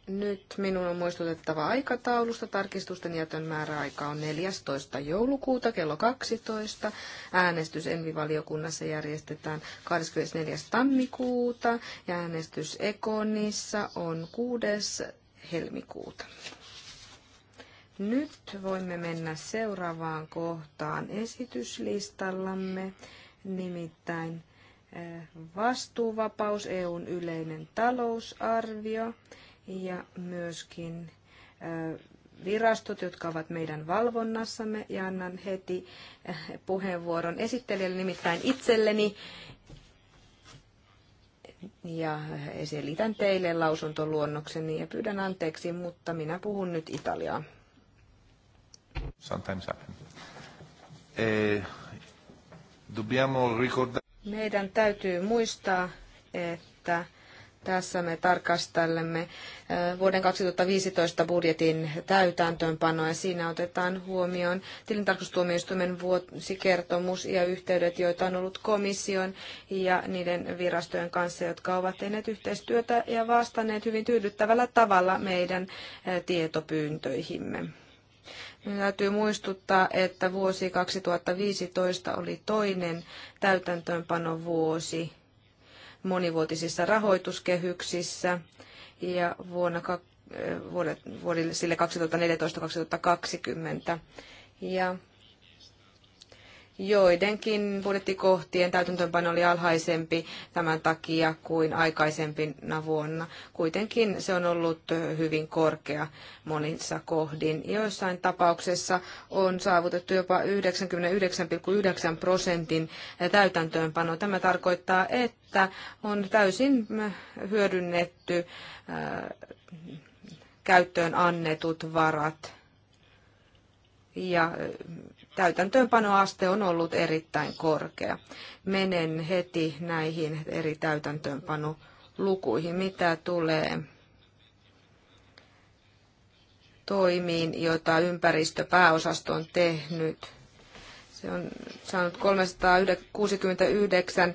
[SPEAKER 2] Nyt minun on muistutettava aikataulusta. Tarkistusten jätön määräaika on 14. joulukuuta kello 12. Äänestys Envivaliokunnassa järjestetään 24. tammikuuta ja äänestys Ekonissa on 6. helmikuuta. Nyt voimme mennä seuraavaan kohtaan esityslistallamme, nimittäin eh, vastuuvapaus, EUn yleinen talousarvio ja myöskin eh, virastot, jotka ovat meidän valvonnassamme. Ja annan heti eh, puheenvuoron esittelijälle, nimittäin itselleni. Ja selitän teille lausuntoluonnokseni ja pyydän anteeksi, mutta minä puhun nyt Italiaa.
[SPEAKER 1] Sometimes happen. Eh, dobbiamo ricordare...
[SPEAKER 2] Meidän täytyy muistaa, että tässä me tarkastelemme eh, vuoden 2015 budjetin täytäntöönpanoa ja siinä otetaan huomioon tilintarkastustuomioistuimen vuosikertomus ja yhteydet, joita on ollut komission ja niiden virastojen kanssa, jotka ovat tehneet yhteistyötä ja vastanneet hyvin tyydyttävällä tavalla meidän eh, tietopyyntöihimme. Täytyy muistuttaa, että vuosi 2015 oli toinen täytäntöönpanovuosi monivuotisissa rahoituskehyksissä ja vuonna, eh, vuodelle, sille 2014-2020. Ja Joidenkin budjettikohtien täytäntöönpano oli alhaisempi tämän takia kuin aikaisempina vuonna. Kuitenkin se on ollut hyvin korkea monissa kohdin. Joissain tapauksessa on saavutettu jopa 99,9 prosentin täytäntöönpano. Tämä tarkoittaa, että on täysin hyödynnetty äh, käyttöön annetut varat ja täytäntöönpanoaste on ollut erittäin korkea. Menen heti näihin eri täytäntöönpanolukuihin, mitä tulee toimiin, joita ympäristöpääosasto on tehnyt. Se on saanut 369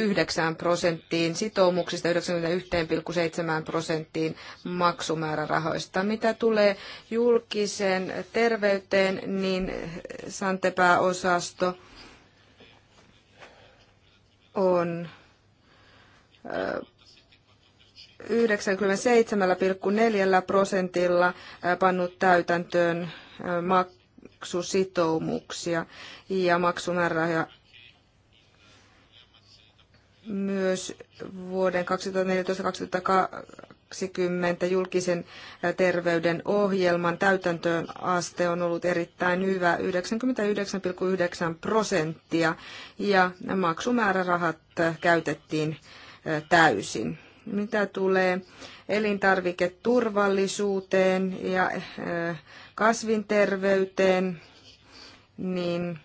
[SPEAKER 2] yhdeksän prosenttiin sitoumuksista 91,7 prosenttiin maksumäärärahoista. Mitä tulee julkiseen terveyteen, niin Santepääosasto on 97,4 prosentilla pannut täytäntöön maksusitoumuksia ja maksumäärärahoja myös vuoden 2014-2020 julkisen terveyden ohjelman täytäntöönaste on ollut erittäin hyvä, 99,9 prosenttia, ja maksumäärärahat käytettiin täysin. Mitä tulee elintarviketurvallisuuteen ja kasvinterveyteen, niin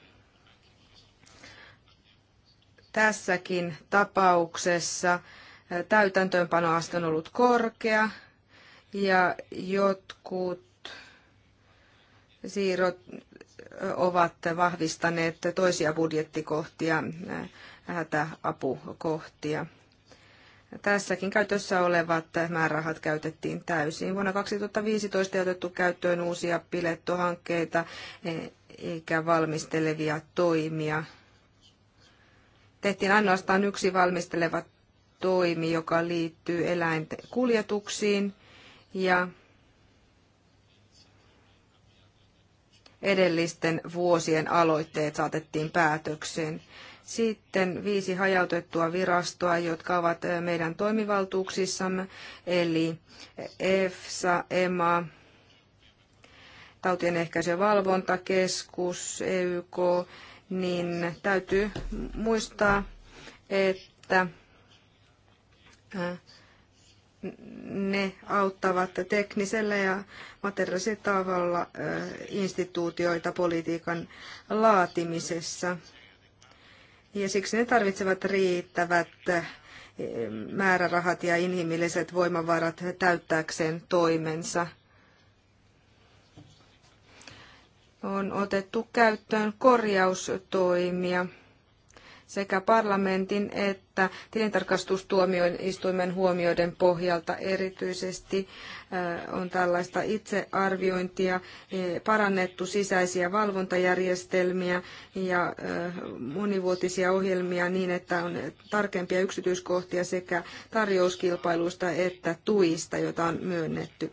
[SPEAKER 2] Tässäkin tapauksessa täytäntöönpanoaste on ollut korkea ja jotkut siirrot ovat vahvistaneet toisia budjettikohtia, hätäapukohtia. Tässäkin käytössä olevat määrärahat käytettiin täysin. Vuonna 2015 ei otettu käyttöön uusia pilettohankkeita e, eikä valmistelevia toimia tehtiin ainoastaan yksi valmisteleva toimi, joka liittyy eläinten kuljetuksiin ja edellisten vuosien aloitteet saatettiin päätökseen. Sitten viisi hajautettua virastoa, jotka ovat meidän toimivaltuuksissamme, eli EFSA, EMA, tautien ehkäisy- ja valvontakeskus, EYK, niin täytyy muistaa, että äh, ne auttavat teknisellä ja materiaalisella tavalla äh, instituutioita politiikan laatimisessa. Ja siksi ne tarvitsevat riittävät äh, määrärahat ja inhimilliset voimavarat täyttääkseen toimensa. on otettu käyttöön korjaustoimia sekä parlamentin että tilintarkastustuomioistuimen huomioiden pohjalta erityisesti äh, on tällaista itsearviointia, e, parannettu sisäisiä valvontajärjestelmiä ja äh, monivuotisia ohjelmia niin, että on tarkempia yksityiskohtia sekä tarjouskilpailuista että tuista, joita on myönnetty.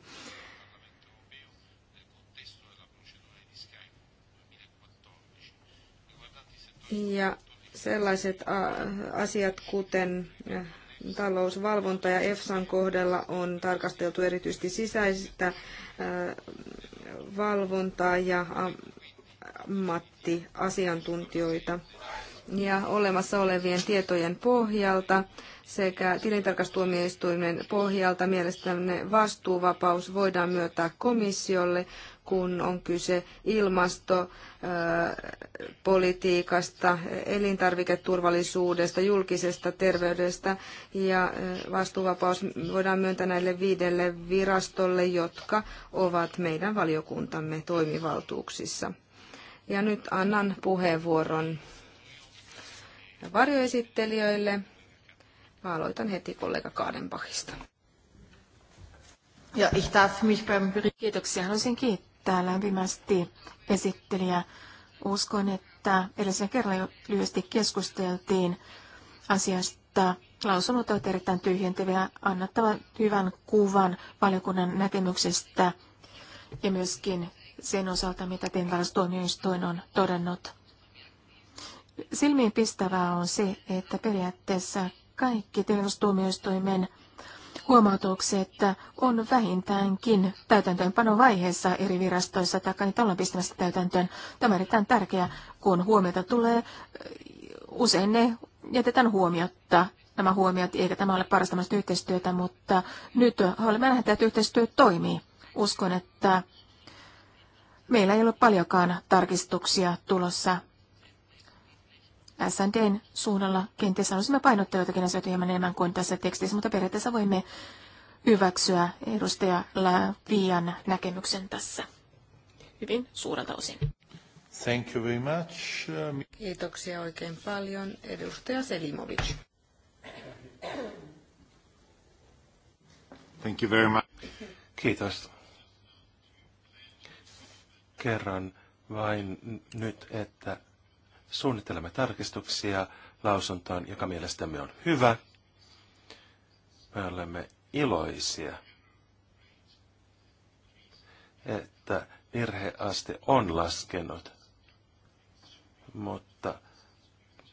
[SPEAKER 2] Ja sellaiset asiat, kuten eh, talousvalvonta ja EFSAn kohdalla on tarkasteltu erityisesti sisäistä eh, valvontaa ja ammattiasiantuntijoita. Ja olemassa olevien tietojen pohjalta sekä tilintarkastuomioistuimen pohjalta mielestämme vastuuvapaus voidaan myöntää komissiolle, kun on kyse ilmastopolitiikasta, elintarviketurvallisuudesta, julkisesta terveydestä ja vastuuvapaus voidaan myöntää näille viidelle virastolle, jotka ovat meidän valiokuntamme toimivaltuuksissa. Ja nyt annan puheenvuoron varjoesittelijöille.
[SPEAKER 3] Mä aloitan heti kollega Kaadenbachista. Ja ich darf mich beim Kiitoksia. Haluaisin kiittää kiittää lämpimästi esittelijä. Uskon, että edellisen kerran jo lyhyesti keskusteltiin asiasta. Lausunnot ovat erittäin tyhjentäviä, annattavat hyvän kuvan valiokunnan näkemyksestä ja myöskin sen osalta, mitä tuomioistuin on todennut. Silmiin pistävää on se, että periaatteessa kaikki tilintarkastustuomioistuimen että on vähintäänkin täytäntöönpanovaiheessa eri virastoissa, tai niitä ollaan pistämässä täytäntöön. Tämä on erittäin tärkeää, kun huomiota tulee. Usein ne jätetään huomiotta, nämä huomiot, eikä tämä ole parasta yhteistyötä, mutta nyt olemme nähneet, että yhteistyö toimii. Uskon, että meillä ei ole paljonkaan tarkistuksia tulossa SNDn suunnalla kenties haluaisimme painottaa jotakin asioita hieman enemmän kuin tässä tekstissä, mutta periaatteessa voimme hyväksyä edustaja Lavian näkemyksen tässä hyvin suurelta osin. Thank
[SPEAKER 1] you very much. Um,
[SPEAKER 3] Kiitoksia oikein paljon, edustaja Selimovic.
[SPEAKER 1] Thank you very much. Kiitos. Kerran vain nyt, että Suunnittelemme tarkistuksia lausuntoon, joka mielestämme on hyvä. Me olemme iloisia, että virheaste on laskenut, mutta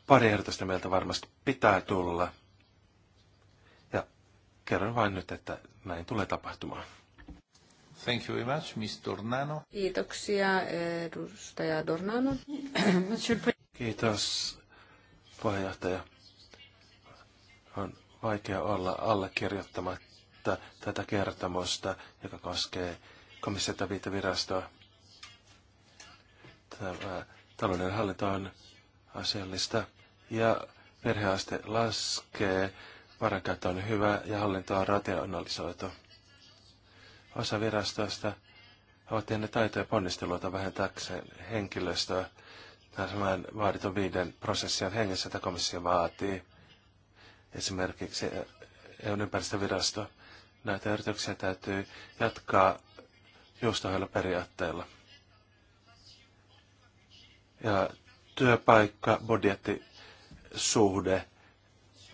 [SPEAKER 1] pari ehdotusta meiltä varmasti pitää tulla. Ja kerron vain nyt, että näin tulee tapahtumaan. Thank you very much, Miss Dornano.
[SPEAKER 2] Kiitoksia, edustaja Dornano.
[SPEAKER 1] Kiitos, puheenjohtaja. On vaikea olla allekirjoittamatta tätä kertomusta, joka koskee komissiota viitevirastoa. Tämä talouden hallinto on asiallista ja perheaste laskee, varankäyttö on hyvä ja hallinto on rationalisoitu. Osa virastoista ovat tehneet taitoja ponnisteluita vähentääkseen henkilöstöä tämän vaaditun viiden prosessin hengessä, että komissio vaatii. Esimerkiksi EUn ympäristövirasto. Näitä yrityksiä täytyy jatkaa juustohjelma periaatteella. Ja työpaikka, budjetti, suhde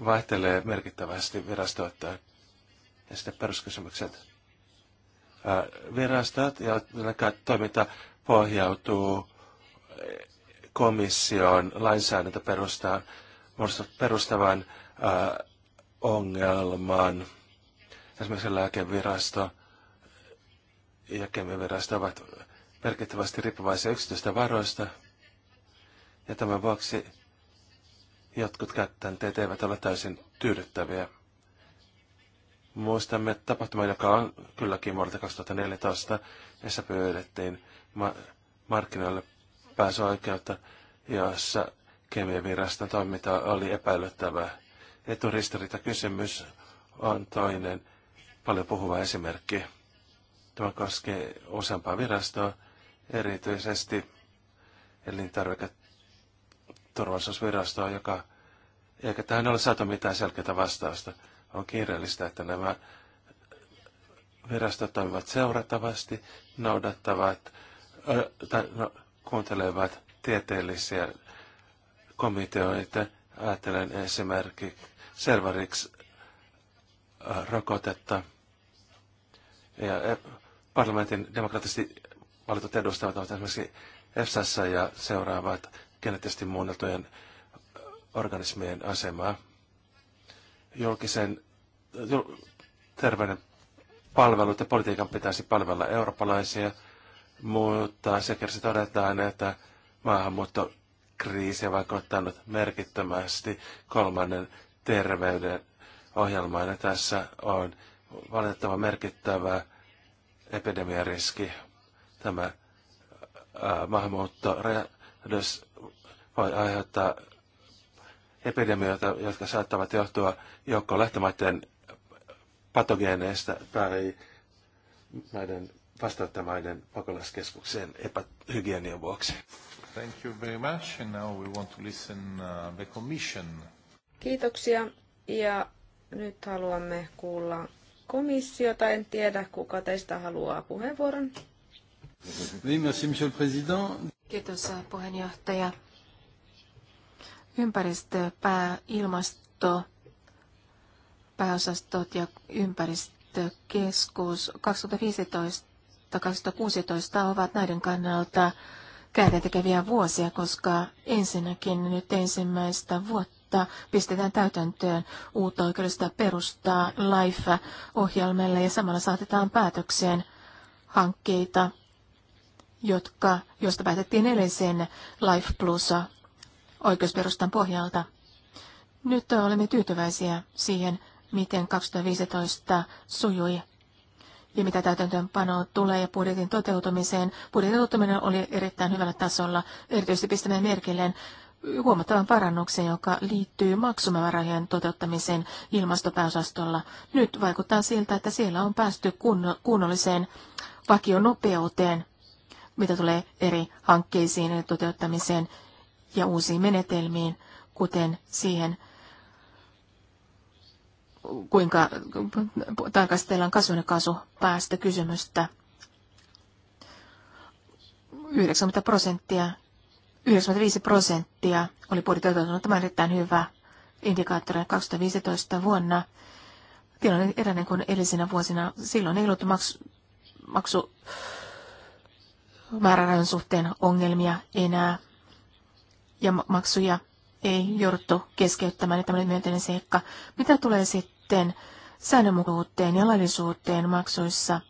[SPEAKER 1] vaihtelee merkittävästi virastoittain. Ja sitten peruskysymykset. Virastot ja toiminta pohjautuu komission lainsäädäntöperustaan perustavan äh, ongelman. Esimerkiksi lääkevirasto ja kemivirasto ovat merkittävästi riippuvaisia yksityistä varoista. Ja tämän vuoksi jotkut käyttänteet eivät ole täysin tyydyttäviä. Muistamme tapahtuma, joka on kylläkin vuodelta 2014, jossa pyydettiin ma- markkinoille pääsyoikeutta, joissa kemiaviraston toiminta oli epäilyttävää. Eturistorita kysymys on toinen paljon puhuva esimerkki. Tuo koskee useampaa virastoa, erityisesti elintarviketurvallisuusvirastoa, joka eikä tähän ole saatu mitään selkeää vastausta. On kiireellistä, että nämä virastot toimivat seurattavasti, noudattavat, ö, tai, no, kuuntelevat tieteellisiä komiteoita. Ajattelen esimerkiksi Servariksi äh, rokotetta. Ja äh, parlamentin demokraattisesti valitut edustajat ovat esimerkiksi EFSAssa ja seuraavat geneettisesti muunneltujen äh, organismien asemaa. Julkisen terveyden palvelut ja politiikan pitäisi palvella eurooppalaisia – mutta asiakirjassa todetaan, että maahanmuuttokriisi on vaikuttanut merkittävästi kolmannen terveyden ohjelmaan. Ja tässä on valitettava merkittävä epidemiariski. Tämä maahanmuutto voi aiheuttaa epidemioita, jotka saattavat johtua joukkoon lähtemätten patogeeneista tai näiden vastaanottamaiden pakolaiskeskuksen epähygienian vuoksi. Thank you very much. And now we want to listen uh, the commission.
[SPEAKER 2] Kiitoksia. Ja nyt haluamme kuulla komissiota. En tiedä, kuka teistä
[SPEAKER 3] haluaa puheenvuoron.
[SPEAKER 2] Oui, merci, monsieur le président.
[SPEAKER 3] Kiitos äh, puheenjohtaja. Ympäristö, pää, ilmasto, pääosastot ja ympäristökeskus 2015 2016 ovat näiden kannalta kääntetekeviä vuosia, koska ensinnäkin nyt ensimmäistä vuotta pistetään täytäntöön uutta oikeudesta perustaa LIFE-ohjelmalle ja samalla saatetaan päätökseen hankkeita, jotka, josta päätettiin edellisen Life Plus oikeusperustan pohjalta. Nyt olemme tyytyväisiä siihen, miten 2015 sujui ja mitä täytäntöönpanoon tulee ja budjetin toteutumiseen. Budjetin toteutuminen oli erittäin hyvällä tasolla, erityisesti pistämään merkilleen huomattavan parannuksen, joka liittyy maksumäärärahojen toteuttamiseen ilmastopääosastolla. Nyt vaikuttaa siltä, että siellä on päästy kunno- kunnolliseen vakionopeuteen, mitä tulee eri hankkeisiin ja toteuttamiseen ja uusiin menetelmiin, kuten siihen, kuinka tarkastellaan kasvihuonekaasupäästökysymystä. kysymystä. 90 prosenttia, 95 prosenttia oli budjetoitunut. Tämä on erittäin hyvä indikaattori 2015 vuonna. Tilanne eräinen kuin edellisenä vuosina. Silloin ei ollut maksu, maksu suhteen ongelmia enää ja maksuja ei jouduttu keskeyttämään, Tämä oli myönteinen seikka. Mitä tulee sitten sitten säännönmukaisuuteen ja laillisuuteen maksuissa.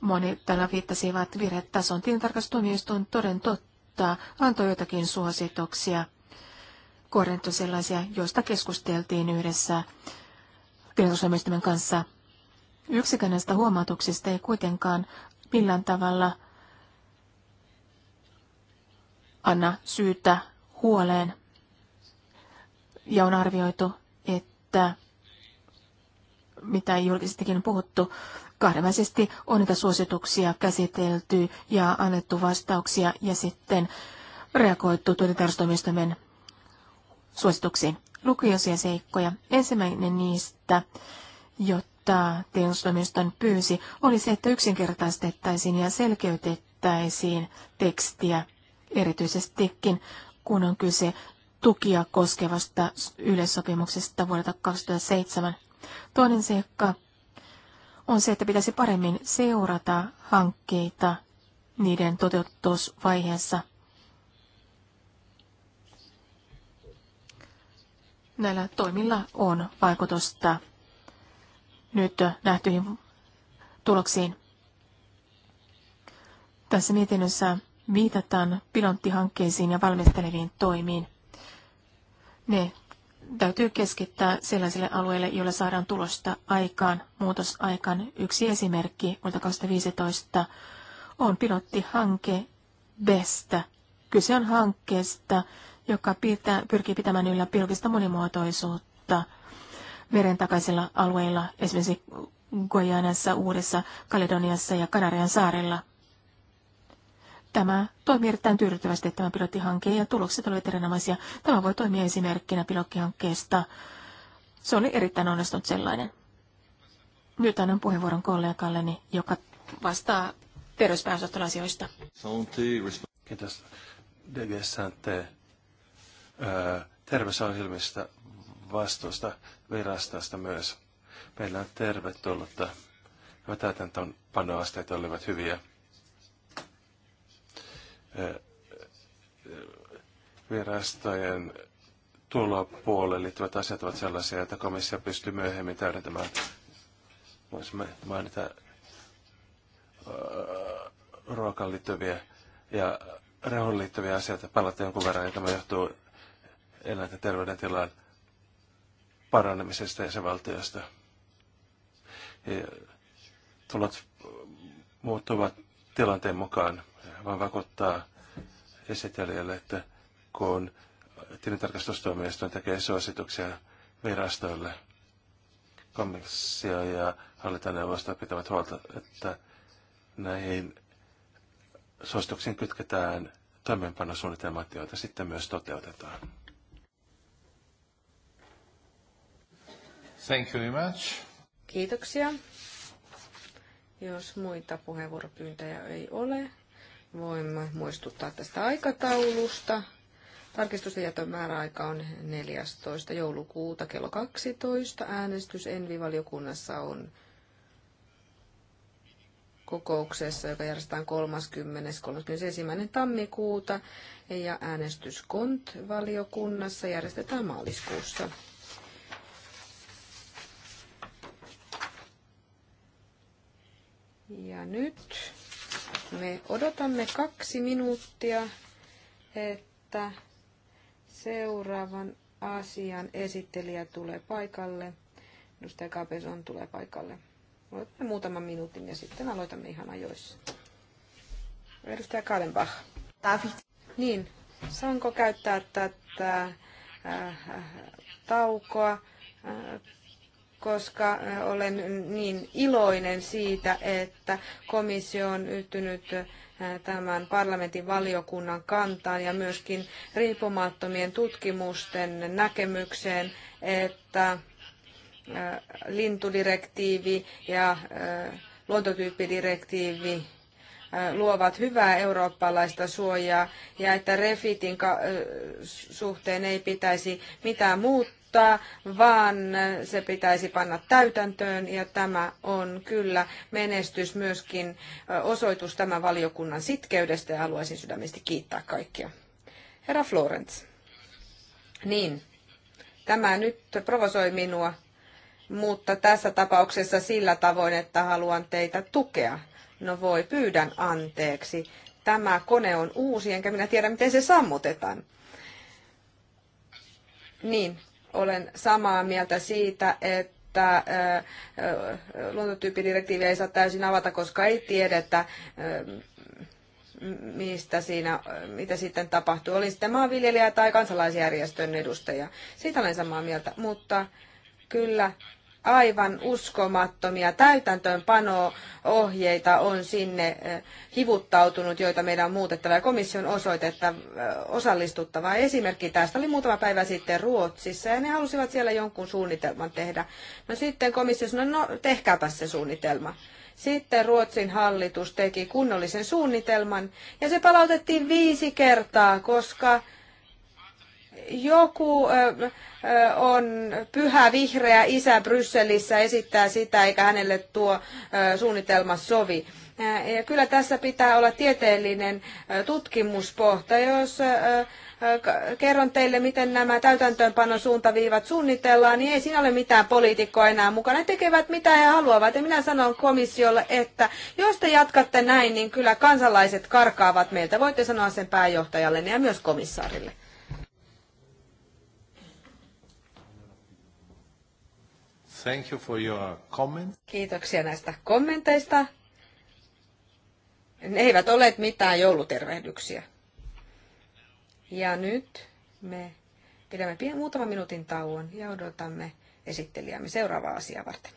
[SPEAKER 3] Moni tällä viittasivat virhetason. Tilintarkastustuomioistuin toden totta antoi jotakin suosituksia. Korjattu sellaisia, joista keskusteltiin yhdessä tilintarkastustuomioistuimen kanssa. Yksikään näistä huomautuksista ei kuitenkaan millään tavalla anna syytä huoleen. Ja on arvioitu, että mitä julkisestikin on puhuttu. Kahdenväisesti on niitä suosituksia käsitelty ja annettu vastauksia ja sitten reagoittu tuotantarstoimistomen suosituksiin. Lukuisia seikkoja. Ensimmäinen niistä, jotta tuotantarstoimiston pyysi, oli se, että yksinkertaistettaisiin ja selkeytettäisiin tekstiä erityisestikin, kun on kyse tukia koskevasta yleissopimuksesta vuodelta 2007. Toinen seikka on se, että pitäisi paremmin seurata hankkeita niiden toteutusvaiheessa. Näillä toimilla on vaikutusta nyt nähtyihin tuloksiin. Tässä mietinnössä viitataan pilonttihankkeisiin ja valmisteleviin toimiin. Ne täytyy keskittää sellaisille alueille, joilla saadaan tulosta aikaan, muutosaikaan. Yksi esimerkki vuodelta 2015 on pilottihanke BESTä. Kyse on hankkeesta, joka pitää, pyrkii pitämään yllä biologista monimuotoisuutta meren takaisilla alueilla, esimerkiksi Guajanassa, Uudessa, Kaledoniassa ja Kanarian saarella. Tämä toimii erittäin tyydyttävästi tämä pilottihanke ja tulokset olivat erinomaisia. Tämä voi toimia esimerkkinä pilottihankkeesta. Se oli erittäin onnistunut sellainen. Nyt annan puheenvuoron kollegalleni, joka vastaa terveyspääosaston
[SPEAKER 1] Kiitos. DG Sante, terveysohjelmista vastuusta virastosta myös. Meillä on tervetullutta. tuon panoasteet olivat hyviä virastojen tulopuoleen liittyvät asiat ovat sellaisia, että komissio pystyy myöhemmin täydentämään. Voisimme mainita äh, ruokaan liittyviä ja rehun liittyviä asioita palata jonkun verran, ja tämä johtuu eläinten terveydentilan paranemisesta jäsenvaltiosta. Ja tulot muuttuvat tilanteen mukaan vaan vakuuttaa esittelijälle, että kun tilintarkastustoimisto tekee suosituksia virastoille, komissio ja hallintaneuvosto pitävät huolta, että näihin suosituksiin kytketään toimeenpanosuunnitelmat, joita sitten myös toteutetaan. Thank you very much.
[SPEAKER 2] Kiitoksia. Jos muita puheenvuoropyyntöjä ei ole, Voimme muistuttaa tästä aikataulusta. Tarkistusten jätön määräaika on 14. joulukuuta kello 12. Äänestys Envi-valiokunnassa on kokouksessa, joka järjestetään 30. 31. tammikuuta ja äänestys KONT-valiokunnassa järjestetään maaliskuussa. Ja nyt me odotamme kaksi minuuttia, että seuraavan asian esittelijä tulee paikalle. Edustaja Kapeson tulee paikalle. Odotamme muutaman minuutin ja sitten aloitamme ihan ajoissa. Edustaja Kalenbach. Niin, saanko käyttää tätä äh, äh taukoa? Äh, koska olen niin iloinen siitä, että komissio on yhtynyt tämän parlamentin valiokunnan kantaan ja myöskin riippumattomien tutkimusten näkemykseen, että lintudirektiivi ja luontotyyppidirektiivi luovat hyvää eurooppalaista suojaa ja että refitin suhteen ei pitäisi mitään muuttaa muuttaa, vaan se pitäisi panna täytäntöön ja tämä on kyllä menestys myöskin osoitus tämän valiokunnan sitkeydestä ja haluaisin sydämesti kiittää kaikkia. Herra Florence. Niin, tämä nyt provosoi minua, mutta tässä tapauksessa sillä tavoin, että haluan teitä tukea. No voi, pyydän anteeksi. Tämä kone on uusi, enkä minä tiedä, miten se sammutetaan. Niin, olen samaa mieltä siitä, että että luontotyyppidirektiiviä ei saa täysin avata, koska ei tiedetä, mistä siinä, mitä sitten tapahtuu. Oli sitten maanviljelijä tai kansalaisjärjestön edustaja. Siitä olen samaa mieltä, mutta kyllä aivan uskomattomia täytäntöönpano-ohjeita on sinne eh, hivuttautunut, joita meidän on muutettava ja komission osoitetta eh, osallistuttava. Esimerkki tästä oli muutama päivä sitten Ruotsissa ja ne halusivat siellä jonkun suunnitelman tehdä. No sitten komissio sanoi, no tehkääpä se suunnitelma. Sitten Ruotsin hallitus teki kunnollisen suunnitelman ja se palautettiin viisi kertaa, koska joku on pyhä vihreä isä Brysselissä esittää sitä, eikä hänelle tuo suunnitelma sovi. Ja kyllä tässä pitää olla tieteellinen tutkimuspohta. Jos kerron teille, miten nämä suuntaviivat suunnitellaan, niin ei siinä ole mitään poliitikkoa enää mukana. Ne tekevät mitä he haluavat. Ja minä sanon komissiolle, että jos te jatkatte näin, niin kyllä kansalaiset karkaavat meiltä. Voitte sanoa sen pääjohtajalle ja myös komissaarille.
[SPEAKER 1] Thank you for your comment.
[SPEAKER 2] Kiitoksia näistä kommenteista. Ne eivät ole mitään joulutervehdyksiä. Ja nyt me pidämme muutaman minuutin tauon ja odotamme esittelijämme seuraavaa asiaa varten.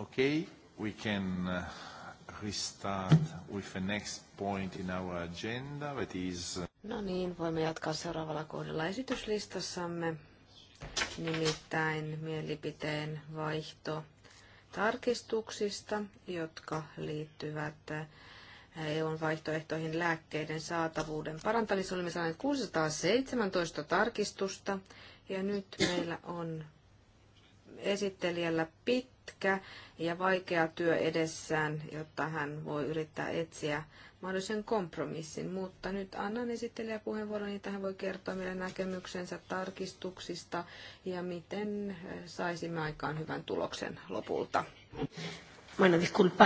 [SPEAKER 1] Okay, we can uh, restart with the next point in our agenda, that is... Uh,
[SPEAKER 2] no niin, voimme jatkaa seuraavalla kohdalla esityslistassamme, nimittäin mielipiteen vaihto tarkistuksista, jotka liittyvät äh, EUn vaihtoehtoihin lääkkeiden saatavuuden parantamiseen. Olemme saaneet 617 tarkistusta ja nyt meillä on esittelijällä pitkä ja vaikea työ edessään, jotta hän voi yrittää etsiä mahdollisen kompromissin. Mutta nyt annan esittelijä puheenvuoron, niin tähän voi kertoa meidän näkemyksensä tarkistuksista ja miten saisimme aikaan hyvän tuloksen lopulta.
[SPEAKER 3] Bueno, disculpa,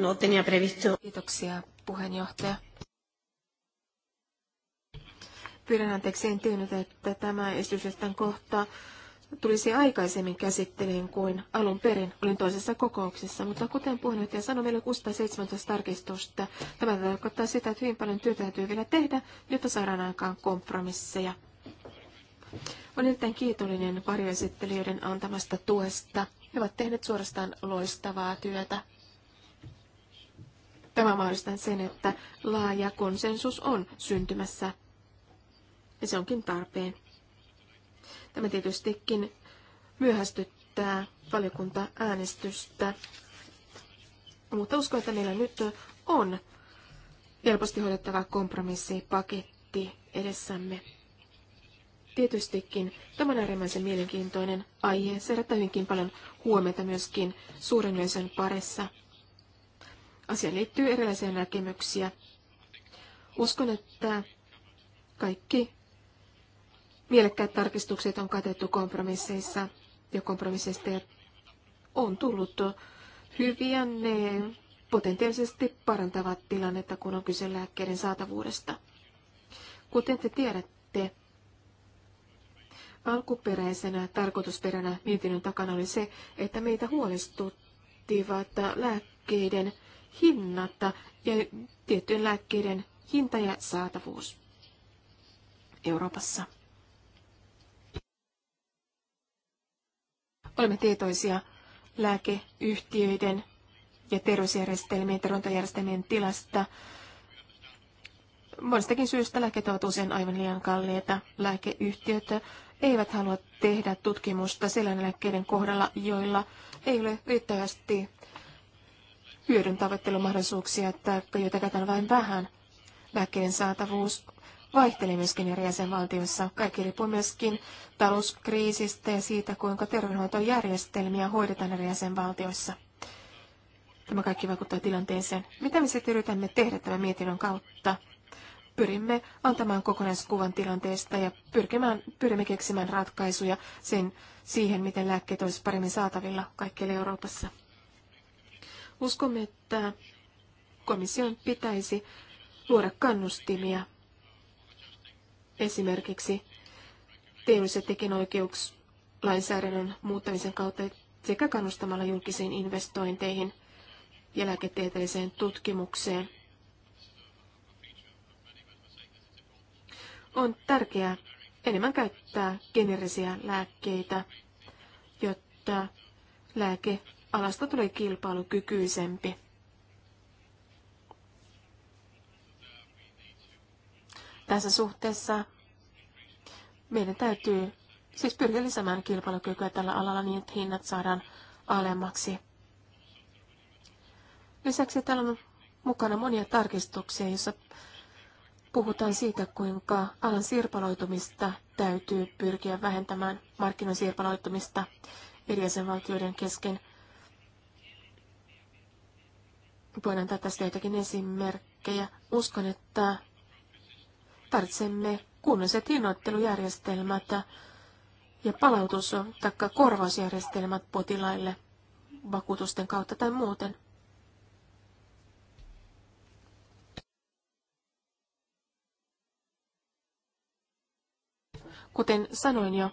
[SPEAKER 3] no tenía previsto. Kiitoksia, puheenjohtaja. Pyydän anteeksi, en tiennyt, että tämä esitys kohta tulisi aikaisemmin käsitteleen kuin alun perin. Olin toisessa kokouksessa, mutta kuten puheenjohtaja sanoi, meillä on 617 tarkistusta. Tämä tarkoittaa sitä, että hyvin paljon työtä täytyy vielä tehdä, jotta saadaan aikaan kompromisseja. Olen erittäin kiitollinen varjoesittelijöiden antamasta tuesta. He ovat tehneet suorastaan loistavaa työtä. Tämä mahdollistaa sen, että laaja konsensus on syntymässä, ja se onkin tarpeen. Tämä tietystikin myöhästyttää valiokunta-äänestystä, mutta uskon, että meillä nyt on helposti hoidettava kompromissipaketti edessämme. Tietystikin tämä on äärimmäisen mielenkiintoinen aihe. Se herättää hyvinkin paljon huomiota myöskin suuren yleisön parissa. Asia liittyy erilaisia näkemyksiä. Uskon, että kaikki Mielekkäät tarkistukset on katettu kompromisseissa ja kompromisseista on tullut hyviä. Ne potentiaalisesti parantavat tilannetta, kun on kyse lääkkeiden saatavuudesta. Kuten te tiedätte, alkuperäisenä tarkoitusperänä mietinnön takana oli se, että meitä huolestuttivat lääkkeiden hinnat ja tiettyjen lääkkeiden hinta ja saatavuus Euroopassa. Olemme tietoisia lääkeyhtiöiden ja terveysjärjestelmien, tervontajärjestelmien tilasta. Monestakin syystä lääkkeet ovat usein aivan liian kalliita. Lääkeyhtiöt eivät halua tehdä tutkimusta sellainen lääkkeiden kohdalla, joilla ei ole riittävästi hyödyn tavoittelumahdollisuuksia että joita käytetään vain vähän. Lääkkeiden saatavuus Vaihteli myöskin eri jäsenvaltioissa. Kaikki riippuu myöskin talouskriisistä ja siitä, kuinka terveydenhoitojärjestelmiä hoidetaan eri jäsenvaltioissa. Tämä kaikki vaikuttaa tilanteeseen. Mitä me sitten yritämme tehdä tämän mietinnön kautta? Pyrimme antamaan kokonaiskuvan tilanteesta ja pyrkimään, pyrimme keksimään ratkaisuja sen, siihen, miten lääkkeet olisi paremmin saatavilla kaikkialla Euroopassa. Uskomme, että komission pitäisi luoda kannustimia esimerkiksi ja tekinoikeuslainsäädännön muuttamisen kautta sekä kannustamalla julkisiin investointeihin ja lääketieteelliseen tutkimukseen. On tärkeää enemmän käyttää generisiä lääkkeitä, jotta lääkealasta tulee kilpailukykyisempi. Tässä suhteessa meidän täytyy siis pyrkiä lisäämään kilpailukykyä tällä alalla niin, että hinnat saadaan alemmaksi. Lisäksi täällä on mukana monia tarkistuksia, joissa puhutaan siitä, kuinka alan sirpaloitumista täytyy pyrkiä vähentämään markkinoiden sirpaloitumista eri jäsenvaltioiden kesken. Voin antaa tästä jotakin esimerkkejä. Uskon, että Tarvitsemme kunnalliset hinnoittelujärjestelmät ja palautus- tai korvausjärjestelmät potilaille vakuutusten kautta tai muuten. Kuten sanoin jo,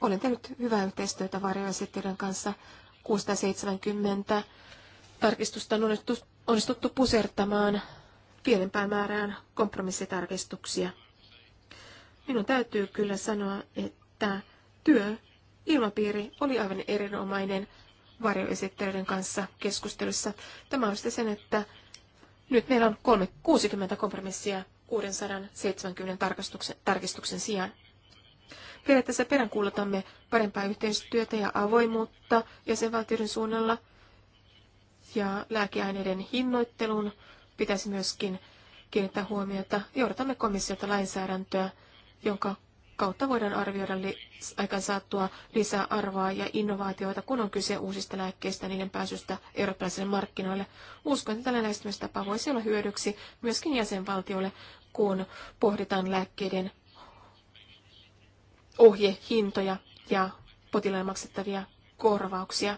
[SPEAKER 3] olen tehnyt hyvää yhteistyötä varjoesittelijän kanssa 670 tarkistusta on onnistuttu pusertamaan pienempään määrään kompromissitarkistuksia. Minun täytyy kyllä sanoa, että työ ilmapiiri oli aivan erinomainen varjoesittelyiden kanssa keskustelussa. Tämä on sen, että nyt meillä on 360 kompromissia 670 tarkistuksen, tarkistuksen sijaan. Periaatteessa peräänkuulutamme parempaa yhteistyötä ja avoimuutta jäsenvaltioiden suunnalla ja lääkeaineiden hinnoittelun pitäisi myöskin kiinnittää huomiota. Joudutamme komissiolta lainsäädäntöä, jonka kautta voidaan arvioida li- saattua lisää arvoa ja innovaatioita, kun on kyse uusista lääkkeistä ja niiden pääsystä eurooppalaisille markkinoille. Uskon, että tällainen lähestymistapa voisi olla hyödyksi myöskin jäsenvaltioille, kun pohditaan lääkkeiden ohjehintoja ja potilaille maksettavia korvauksia.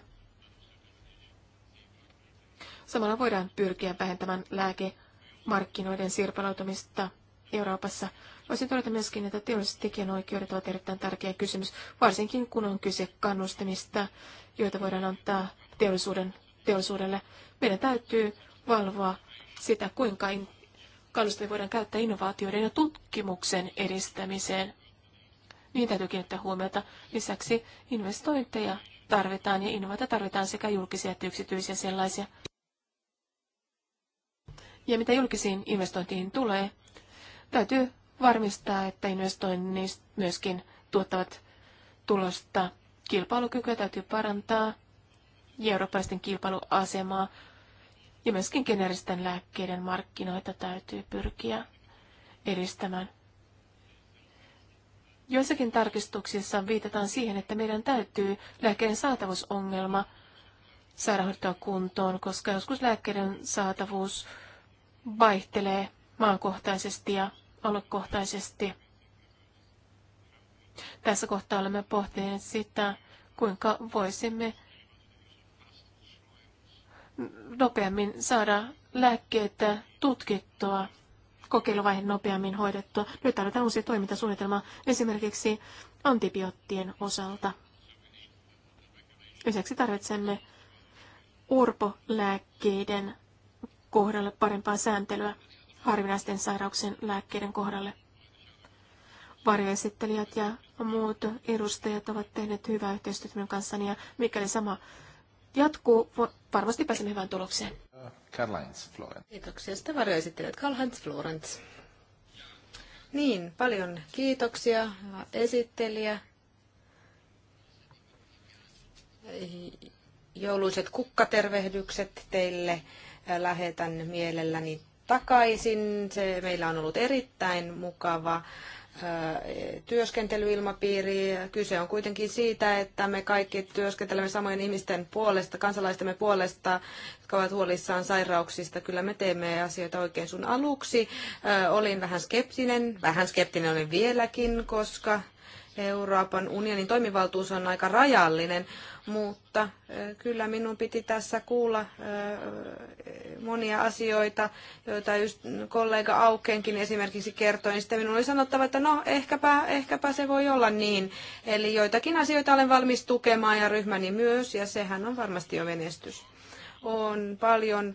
[SPEAKER 3] Samalla voidaan pyrkiä vähentämään lääkemarkkinoiden sirpaloitumista Euroopassa. Voisin todeta myöskin, että teolliset tekijänoikeudet ovat erittäin tärkeä kysymys, varsinkin kun on kyse kannustamista, joita voidaan antaa teollisuuden, teollisuudelle. Meidän täytyy valvoa sitä, kuinka kannustamia voidaan käyttää innovaatioiden ja tutkimuksen edistämiseen. Niin täytyy kiinnittää huomiota. Lisäksi investointeja tarvitaan ja innovaatioita tarvitaan sekä julkisia että yksityisiä sellaisia. Ja mitä julkisiin investointiin tulee, täytyy varmistaa, että investoinnit myöskin tuottavat tulosta. Kilpailukykyä täytyy parantaa ja eurooppalaisten kilpailuasemaa ja myöskin generisten lääkkeiden markkinoita täytyy pyrkiä edistämään. Joissakin tarkistuksissa viitataan siihen, että meidän täytyy lääkkeiden saatavuusongelma saada kuntoon, koska joskus lääkkeiden saatavuus vaihtelee maakohtaisesti ja aluekohtaisesti. Tässä kohtaa olemme pohtineet sitä, kuinka voisimme nopeammin saada lääkkeitä tutkittua, kokeiluvaihe nopeammin hoidettua. Nyt tarvitaan uusi toimintasuunnitelma esimerkiksi antibioottien osalta. Lisäksi tarvitsemme urpolääkkeiden kohdalle parempaa sääntelyä harvinaisten sairauksien lääkkeiden kohdalle. Varjoesittelijät ja muut edustajat ovat tehneet hyvää yhteistyötä minun kanssani ja mikäli sama jatkuu, varmasti pääsemme hyvään tulokseen.
[SPEAKER 1] Uh, Karl-Heinz Florence.
[SPEAKER 3] Kiitoksia.
[SPEAKER 2] Sitten varjoesittelijät Karl-Heinz Florence. Niin, paljon kiitoksia esittelijä. Jouluiset kukkatervehdykset teille lähetän mielelläni takaisin. Se, meillä on ollut erittäin mukava työskentelyilmapiiri. Kyse on kuitenkin siitä, että me kaikki työskentelemme samojen ihmisten puolesta, kansalaistemme puolesta, jotka ovat huolissaan sairauksista. Kyllä me teemme asioita oikein sun aluksi. Olin vähän skeptinen, vähän skeptinen olen vieläkin, koska Euroopan unionin toimivaltuus on aika rajallinen, mutta kyllä minun piti tässä kuulla monia asioita, joita just kollega Aukenkin esimerkiksi kertoi, niin sitten minun oli sanottava, että no ehkäpä, ehkäpä se voi olla niin. Eli joitakin asioita olen valmis tukemaan ja ryhmäni myös, ja sehän on varmasti jo menestys on paljon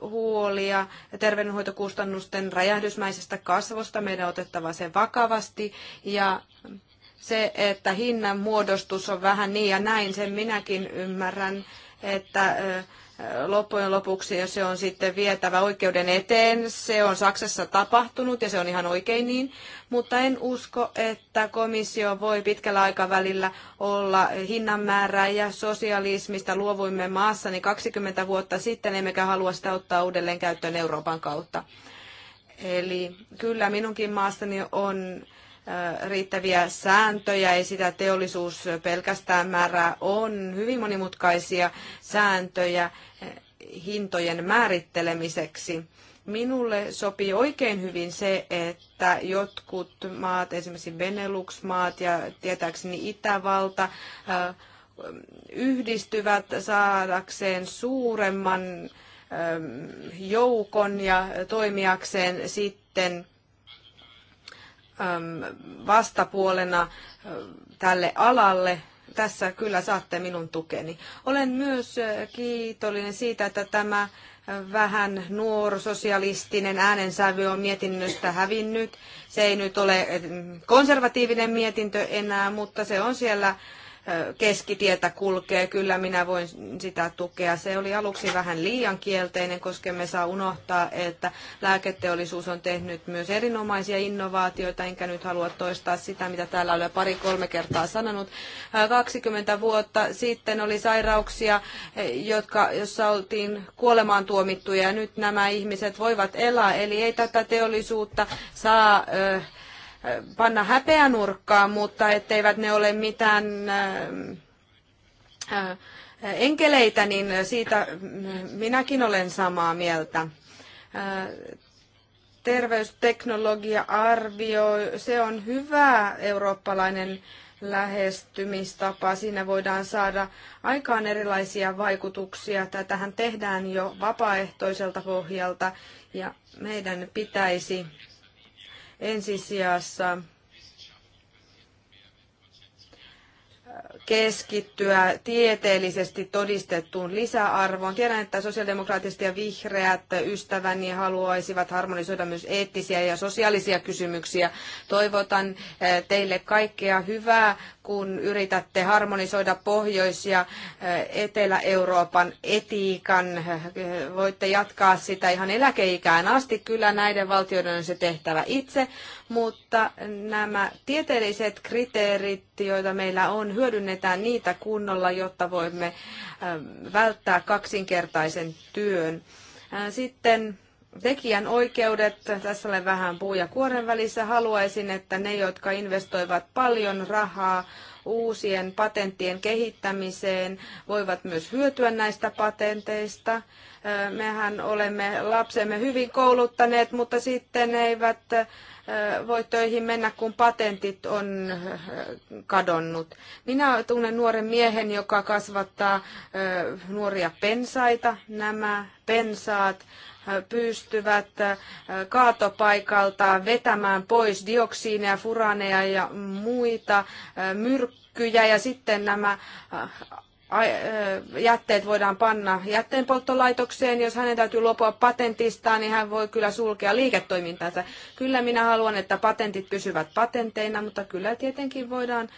[SPEAKER 2] huolia terveydenhoitokustannusten räjähdysmäisestä kasvusta. Meidän on otettava se vakavasti ja se, että hinnan muodostus on vähän niin ja näin, sen minäkin ymmärrän, että loppujen lopuksi, se on sitten vietävä oikeuden eteen. Se on Saksassa tapahtunut ja se on ihan oikein niin, mutta en usko, että komissio voi pitkällä aikavälillä olla ja sosialismista. Luovuimme maassa niin 20 vuotta sitten, emmekä halua sitä ottaa uudelleen käyttöön Euroopan kautta. Eli kyllä minunkin maastani on riittäviä sääntöjä, ei sitä teollisuus pelkästään määrää. On hyvin monimutkaisia sääntöjä hintojen määrittelemiseksi. Minulle sopii oikein hyvin se, että jotkut maat, esimerkiksi Benelux-maat ja tietääkseni Itävalta, yhdistyvät saadakseen suuremman joukon ja toimijakseen sitten vastapuolena tälle alalle. Tässä kyllä saatte minun tukeni. Olen myös kiitollinen siitä, että tämä vähän nuorsosialistinen äänensävy on mietinnöstä hävinnyt. Se ei nyt ole konservatiivinen mietintö enää, mutta se on siellä keskitietä kulkee, kyllä minä voin sitä tukea. Se oli aluksi vähän liian kielteinen, koska me saa unohtaa, että lääketeollisuus on tehnyt myös erinomaisia innovaatioita, enkä nyt halua toistaa sitä, mitä täällä olen pari-kolme kertaa sanonut. 20 vuotta sitten oli sairauksia, e, jotka, jossa oltiin kuolemaan tuomittuja, ja nyt nämä ihmiset voivat elää, eli ei tätä teollisuutta saa... Ö, panna häpeänurkkaan, mutta etteivät ne ole mitään ähm, äh, enkeleitä, niin siitä minäkin olen samaa mieltä. Äh, terveysteknologia-arvio, se on hyvä eurooppalainen lähestymistapa. Siinä voidaan saada aikaan erilaisia vaikutuksia. Tätähän tehdään jo vapaaehtoiselta pohjalta ja meidän pitäisi ensisijassa keskittyä tieteellisesti todistettuun lisäarvoon. Tiedän, että sosiaalidemokraattiset ja vihreät ystäväni haluaisivat harmonisoida myös eettisiä ja sosiaalisia kysymyksiä. Toivotan eh, teille kaikkea hyvää, kun yritätte harmonisoida Pohjois- ja eh, Etelä-Euroopan etiikan. Eh, voitte jatkaa sitä ihan eläkeikään asti. Kyllä näiden valtioiden on se tehtävä itse, mutta nämä tieteelliset kriteerit, joita meillä on, hyödynnetään niitä kunnolla, jotta voimme ähm, välttää kaksinkertaisen työn. Äh, sitten tekijän oikeudet, tässä olen vähän puu ja kuoren välissä, haluaisin, että ne, jotka investoivat paljon rahaa uusien patenttien kehittämiseen, voivat myös hyötyä näistä patenteista. Äh, mehän olemme lapsemme hyvin kouluttaneet, mutta sitten eivät voi töihin mennä, kun patentit on kadonnut. Minä tunnen nuoren miehen, joka kasvattaa nuoria pensaita. Nämä pensaat pystyvät kaatopaikalta vetämään pois dioksiineja, furaneja ja muita myrkkyjä ja sitten nämä jätteet voidaan panna jätteenpolttolaitokseen. Jos hänen täytyy luopua patentistaan, niin hän voi kyllä sulkea liiketoimintansa. Kyllä minä haluan, että patentit pysyvät patenteina, mutta kyllä tietenkin voidaan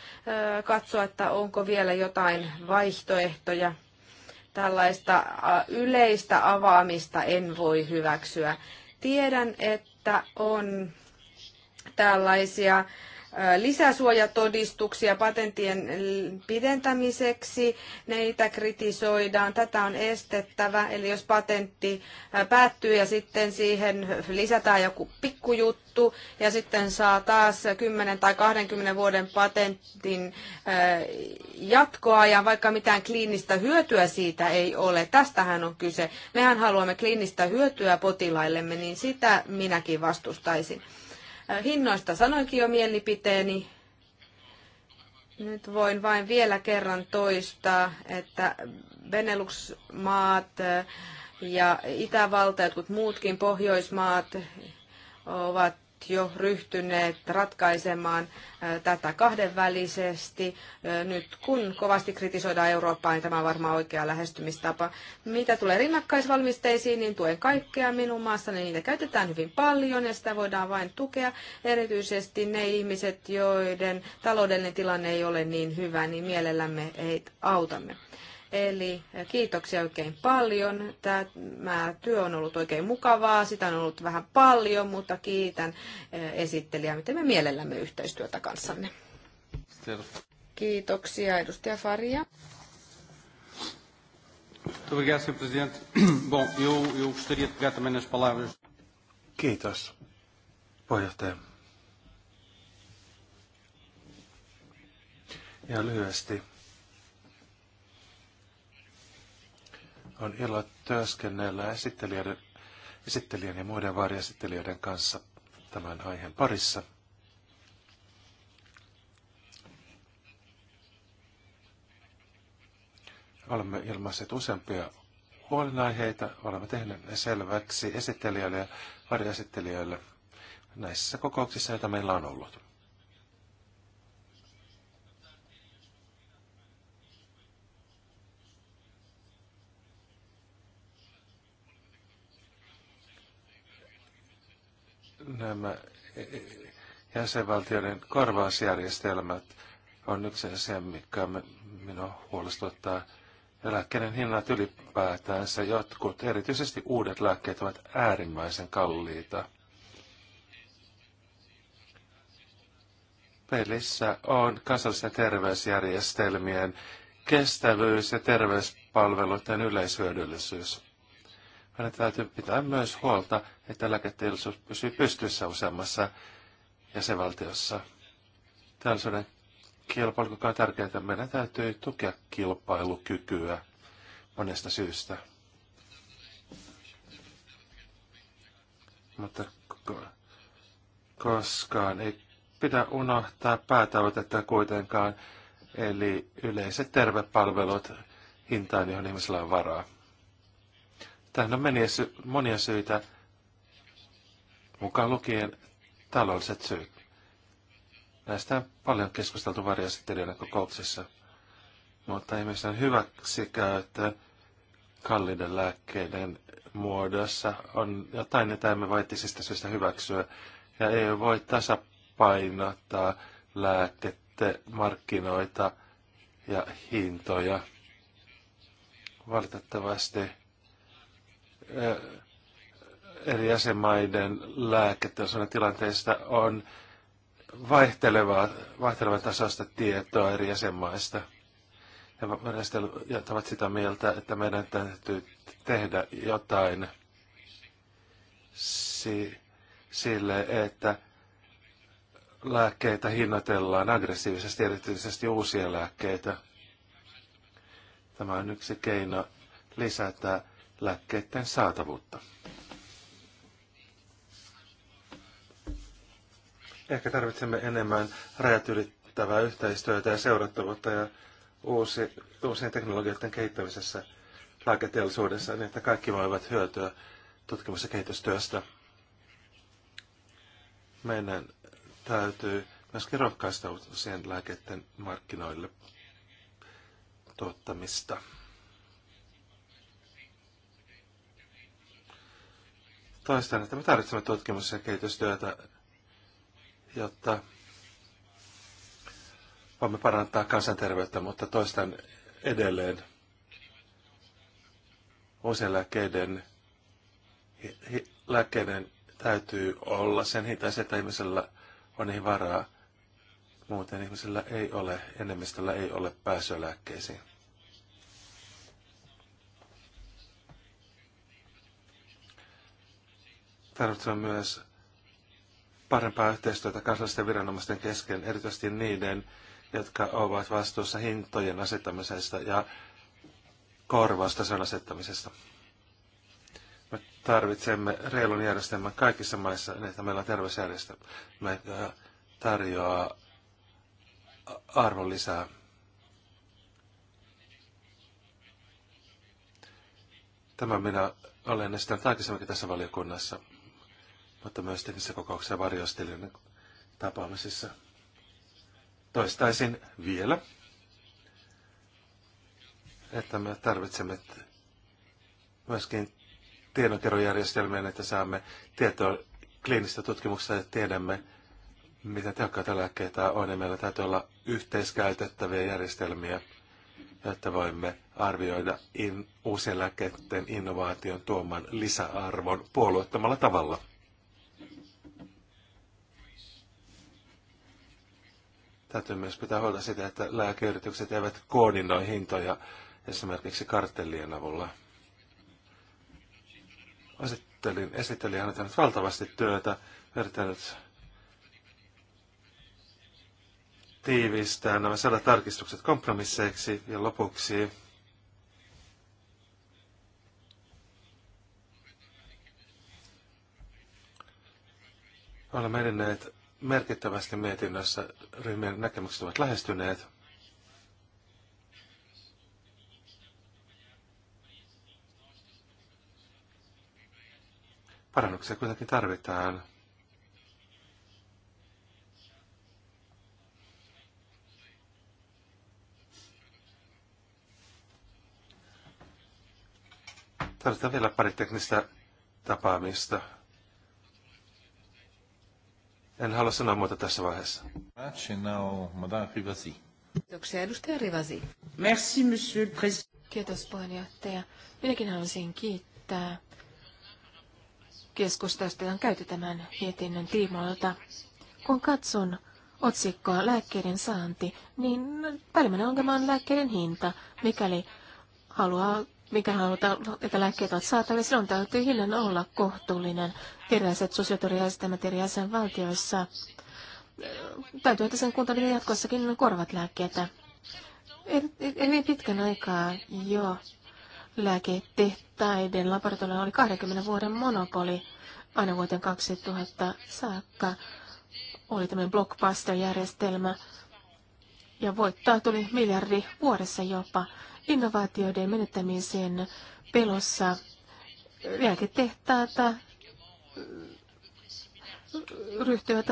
[SPEAKER 2] katsoa, että onko vielä jotain vaihtoehtoja. Tällaista yleistä avaamista en voi hyväksyä. Tiedän, että on tällaisia lisäsuojatodistuksia patenttien pidentämiseksi. Neitä kritisoidaan. Tätä on estettävä. Eli jos patentti päättyy ja sitten siihen lisätään joku pikkujuttu ja sitten saa taas 10 tai 20 vuoden patentin jatkoa ja vaikka mitään kliinistä hyötyä siitä ei ole. Tästähän on kyse. Mehän haluamme kliinistä hyötyä potilaillemme, niin sitä minäkin vastustaisin. Äh, hinnoista sanoinkin jo mielipiteeni. Nyt voin vain vielä kerran toistaa, että Benelux-maat äh, ja Itävalta ja jotkut muutkin Pohjoismaat ovat jo ryhtyneet ratkaisemaan tätä kahdenvälisesti. Nyt kun kovasti kritisoidaan Eurooppaa, niin tämä on varmaan oikea lähestymistapa. Mitä tulee rinnakkaisvalmisteisiin, niin tuen kaikkea minun maassani. Niitä käytetään hyvin paljon ja sitä voidaan vain tukea. Erityisesti ne ihmiset, joiden taloudellinen tilanne ei ole niin hyvä, niin mielellämme heitä autamme. Eli kiitoksia oikein paljon. Tämä työ on ollut oikein mukavaa, sitä on ollut vähän paljon, mutta kiitän eh, esittelijää, miten me mielellämme yhteistyötä kanssanne. Kiitoksia, edustaja Faria.
[SPEAKER 1] Bom, eu, eu pegar também nas palavras. Kiitos, puheenjohtaja. Ja lyhyesti On ilo työskennellä esittelijän, esittelijän ja muiden varjoesittelijöiden kanssa tämän aiheen parissa. Olemme ilmaisseet useampia huolenaiheita, olemme tehneet ne selväksi esittelijöille ja varjoesittelijöille näissä kokouksissa, joita meillä on ollut. nämä e, e, jäsenvaltioiden korvausjärjestelmät on yksi asia, mikä minua huolestuttaa. Lääkkeiden hinnat ylipäätänsä jotkut, erityisesti uudet lääkkeet, ovat äärimmäisen kalliita. Pelissä on kansallisten terveysjärjestelmien kestävyys ja terveyspalveluiden yleishyödyllisyys. Meidän täytyy pitää myös huolta, että lääketeollisuus pysyy pystyssä useammassa jäsenvaltiossa. Teollisuuden kilpailu, on tärkeää, että meidän täytyy tukea kilpailukykyä monesta syystä. Mutta koskaan ei pidä unohtaa päätavoitetta kuitenkaan, eli yleiset tervepalvelut hintaan, johon ihmisellä on varaa. Tähän on monia syitä, mukaan lukien taloudelliset syyt. Näistä on paljon keskusteltu varjaisittelijöiden kokouksissa, mutta ihmisten on hyväksi käyttää kalliiden lääkkeiden muodossa on jotain, jota emme voi syistä hyväksyä. Ja EU voi tasapainottaa lääkette, markkinoita ja hintoja. Valitettavasti eri jäsenmaiden lääketeollisuuden tilanteista on vaihtelevaa, vaihtelevan tasoista tietoa eri jäsenmaista. Ja monesti ovat sitä mieltä, että meidän täytyy tehdä jotain si- sille, että lääkkeitä hinnoitellaan aggressiivisesti, erityisesti uusia lääkkeitä. Tämä on yksi keino lisätä lääkkeiden saatavuutta. Ehkä tarvitsemme enemmän rajat ylittävää yhteistyötä ja seurattavuutta ja uusi, uusien teknologioiden kehittämisessä lääketeollisuudessa, niin että kaikki voivat hyötyä tutkimus- ja kehitystyöstä. Meidän täytyy myöskin rohkaista uusien lääkkeiden markkinoille tuottamista. Toistan, että me tarvitsemme tutkimus- ja kehitystyötä, jotta voimme parantaa kansanterveyttä, mutta toistan edelleen uusien lääkkeiden, lääkkeiden täytyy olla sen hinta, että ihmisellä on niihin varaa. Muuten ihmisellä ei ole, enemmistöllä ei ole pääsyä lääkkeisiin. Tarvitsemme myös parempaa yhteistyötä kansallisten viranomaisten kesken, erityisesti niiden, jotka ovat vastuussa hintojen asettamisesta ja korvaustason asettamisesta. Me tarvitsemme reilun järjestelmän kaikissa maissa, niin että meillä on terveysjärjestelmä, joka äh, tarjoaa arvon lisää. Tämä minä olen esittänyt aikaisemminkin tässä valiokunnassa mutta myös teknisissä kokouksissa varjostelijoiden tapaamisissa. Toistaisin vielä, että me tarvitsemme myöskin tiedonkerojärjestelmien, että saamme tietoa kliinistä tutkimuksesta ja tiedämme, mitä tehokkaita lääkkeitä on, ja meillä täytyy olla yhteiskäytettäviä järjestelmiä, jotta voimme arvioida in, uusien lääkkeiden innovaation tuoman lisäarvon puolueettomalla tavalla. Täytyy myös pitää huolta sitä, että lääkeyritykset eivät koordinoi hintoja esimerkiksi kartellien avulla. Esittelin, hän on tehnyt valtavasti työtä, yrittänyt tiivistää nämä sellaiset tarkistukset kompromisseiksi ja lopuksi olemme edenneet merkittävästi mietinnössä ryhmien näkemykset ovat lähestyneet. Parannuksia kuitenkin tarvitaan. Tarvitaan vielä pari teknistä tapaamista. En halua sanoa muuta tässä vaiheessa.
[SPEAKER 3] Kiitoksia, edustaja Rivasi. Merci, monsieur le Kiitos, puheenjohtaja. Minäkin haluaisin kiittää keskustelusta, on käyty tämän mietinnön tiimoilta. Kun katson otsikkoa lääkkeiden saanti, niin päällimmäinen ongelma on lääkkeiden hinta. Mikäli haluaa mikä halutaan, että lääkkeet ovat saatavilla, silloin täytyy hinnan olla kohtuullinen. Erilaiset sosiaaliturjärjestelmät eri jäsenvaltioissa täytyy, että sen kuntaminen jatkossakin korvat lääkkeitä. Eli er, er, pitkän aikaa jo lääketehtaiden laboratorio oli 20 vuoden monopoli aina vuoteen 2000 saakka. Oli tämmöinen blockbuster-järjestelmä, ja voittaa tuli miljardi vuodessa jopa innovaatioiden menettämisen pelossa lääketehtaata mm, ryhtyvät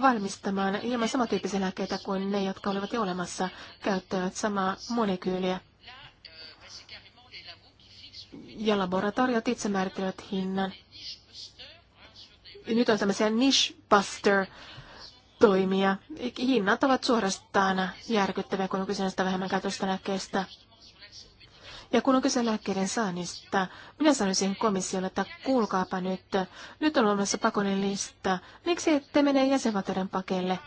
[SPEAKER 3] valmistamaan hieman samantyyppisiä lääkkeitä kuin ne, jotka olivat jo olemassa, käyttävät samaa molekyyliä. Ja laboratoriot itse määrittelevät hinnan. Nyt on tämmöisiä niche buster toimia. Hinnat ovat suorastaan järkyttäviä, kun on kyse näistä vähemmän käytöstä lääkkeistä. Ja kun on kyse lääkkeiden saannista, minä sanoisin komissiolle, että kuulkaapa nyt, nyt on olemassa pakollinen lista. Miksi ette mene jäsenvaltioiden pakelle?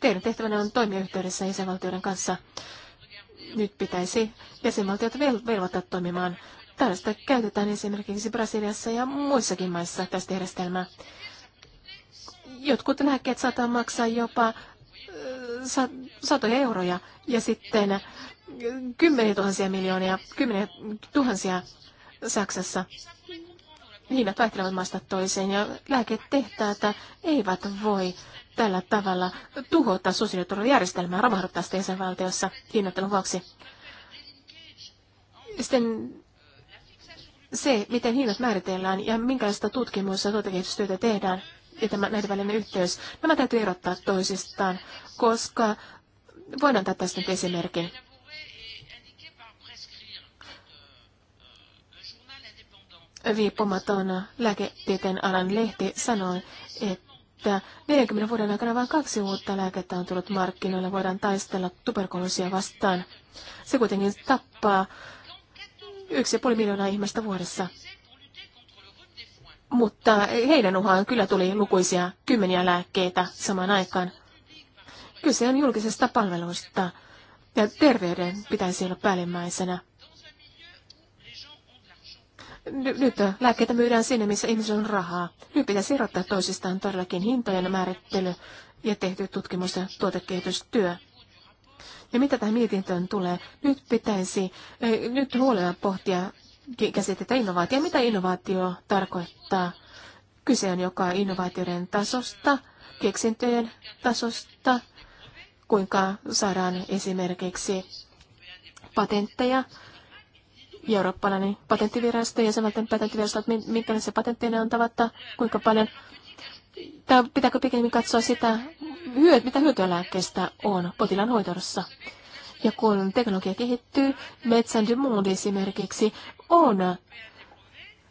[SPEAKER 3] Teidän tehtävänne on toimia yhteydessä jäsenvaltioiden kanssa. Nyt pitäisi jäsenvaltiot velvoittaa toimimaan Tällaista käytetään esimerkiksi Brasiliassa ja muissakin maissa tästä järjestelmää jotkut lääkkeet saattaa maksaa jopa satoja euroja ja sitten kymmeniä tuhansia miljoonia, kymmeniä tuhansia Saksassa. Hinnat vaihtelevat maasta toiseen ja lääketehtaat eivät voi tällä tavalla tuhota sosiaaliturvajärjestelmää, romahduttaa sitä jäsenvaltiossa hinnoittelun vuoksi. Sitten se, miten hinnat määritellään ja minkälaista tutkimusta ja tuotekehitystyötä tehdään, ja tämä, näiden välinen yhteys, nämä täytyy erottaa toisistaan, koska voin antaa tästä nyt esimerkin. Viippumaton lääketieteen alan lehti sanoi, että 40 vuoden aikana vain kaksi uutta lääkettä on tullut markkinoille. Voidaan taistella tuberkuloosia vastaan. Se kuitenkin tappaa 1,5 miljoonaa ihmistä vuodessa mutta heidän uhaan kyllä tuli lukuisia kymmeniä lääkkeitä samaan aikaan. Kyse on julkisesta palvelusta ja terveyden pitäisi olla päällimmäisenä. Nyt lääkkeitä myydään sinne, missä ihmisillä on rahaa. Nyt pitäisi erottaa toisistaan todellakin hintojen määrittely ja tehty tutkimus- ja tuotekehitystyö. Ja mitä tähän mietintöön tulee, nyt pitäisi, eh, nyt huolella pohtia käsitettä innovaatio. Mitä innovaatio tarkoittaa? Kyse on joka innovaatioiden tasosta, keksintöjen tasosta, kuinka saadaan esimerkiksi patentteja, eurooppalainen patenttivirasto ja patenttivirasto, että minkälaisia patentteja on tavatta, kuinka paljon. Tämä pitääkö pikemmin katsoa sitä, mitä hyötyä lääkkeestä on potilaan hoidossa. Ja kun teknologia kehittyy, Metsän du Monde esimerkiksi on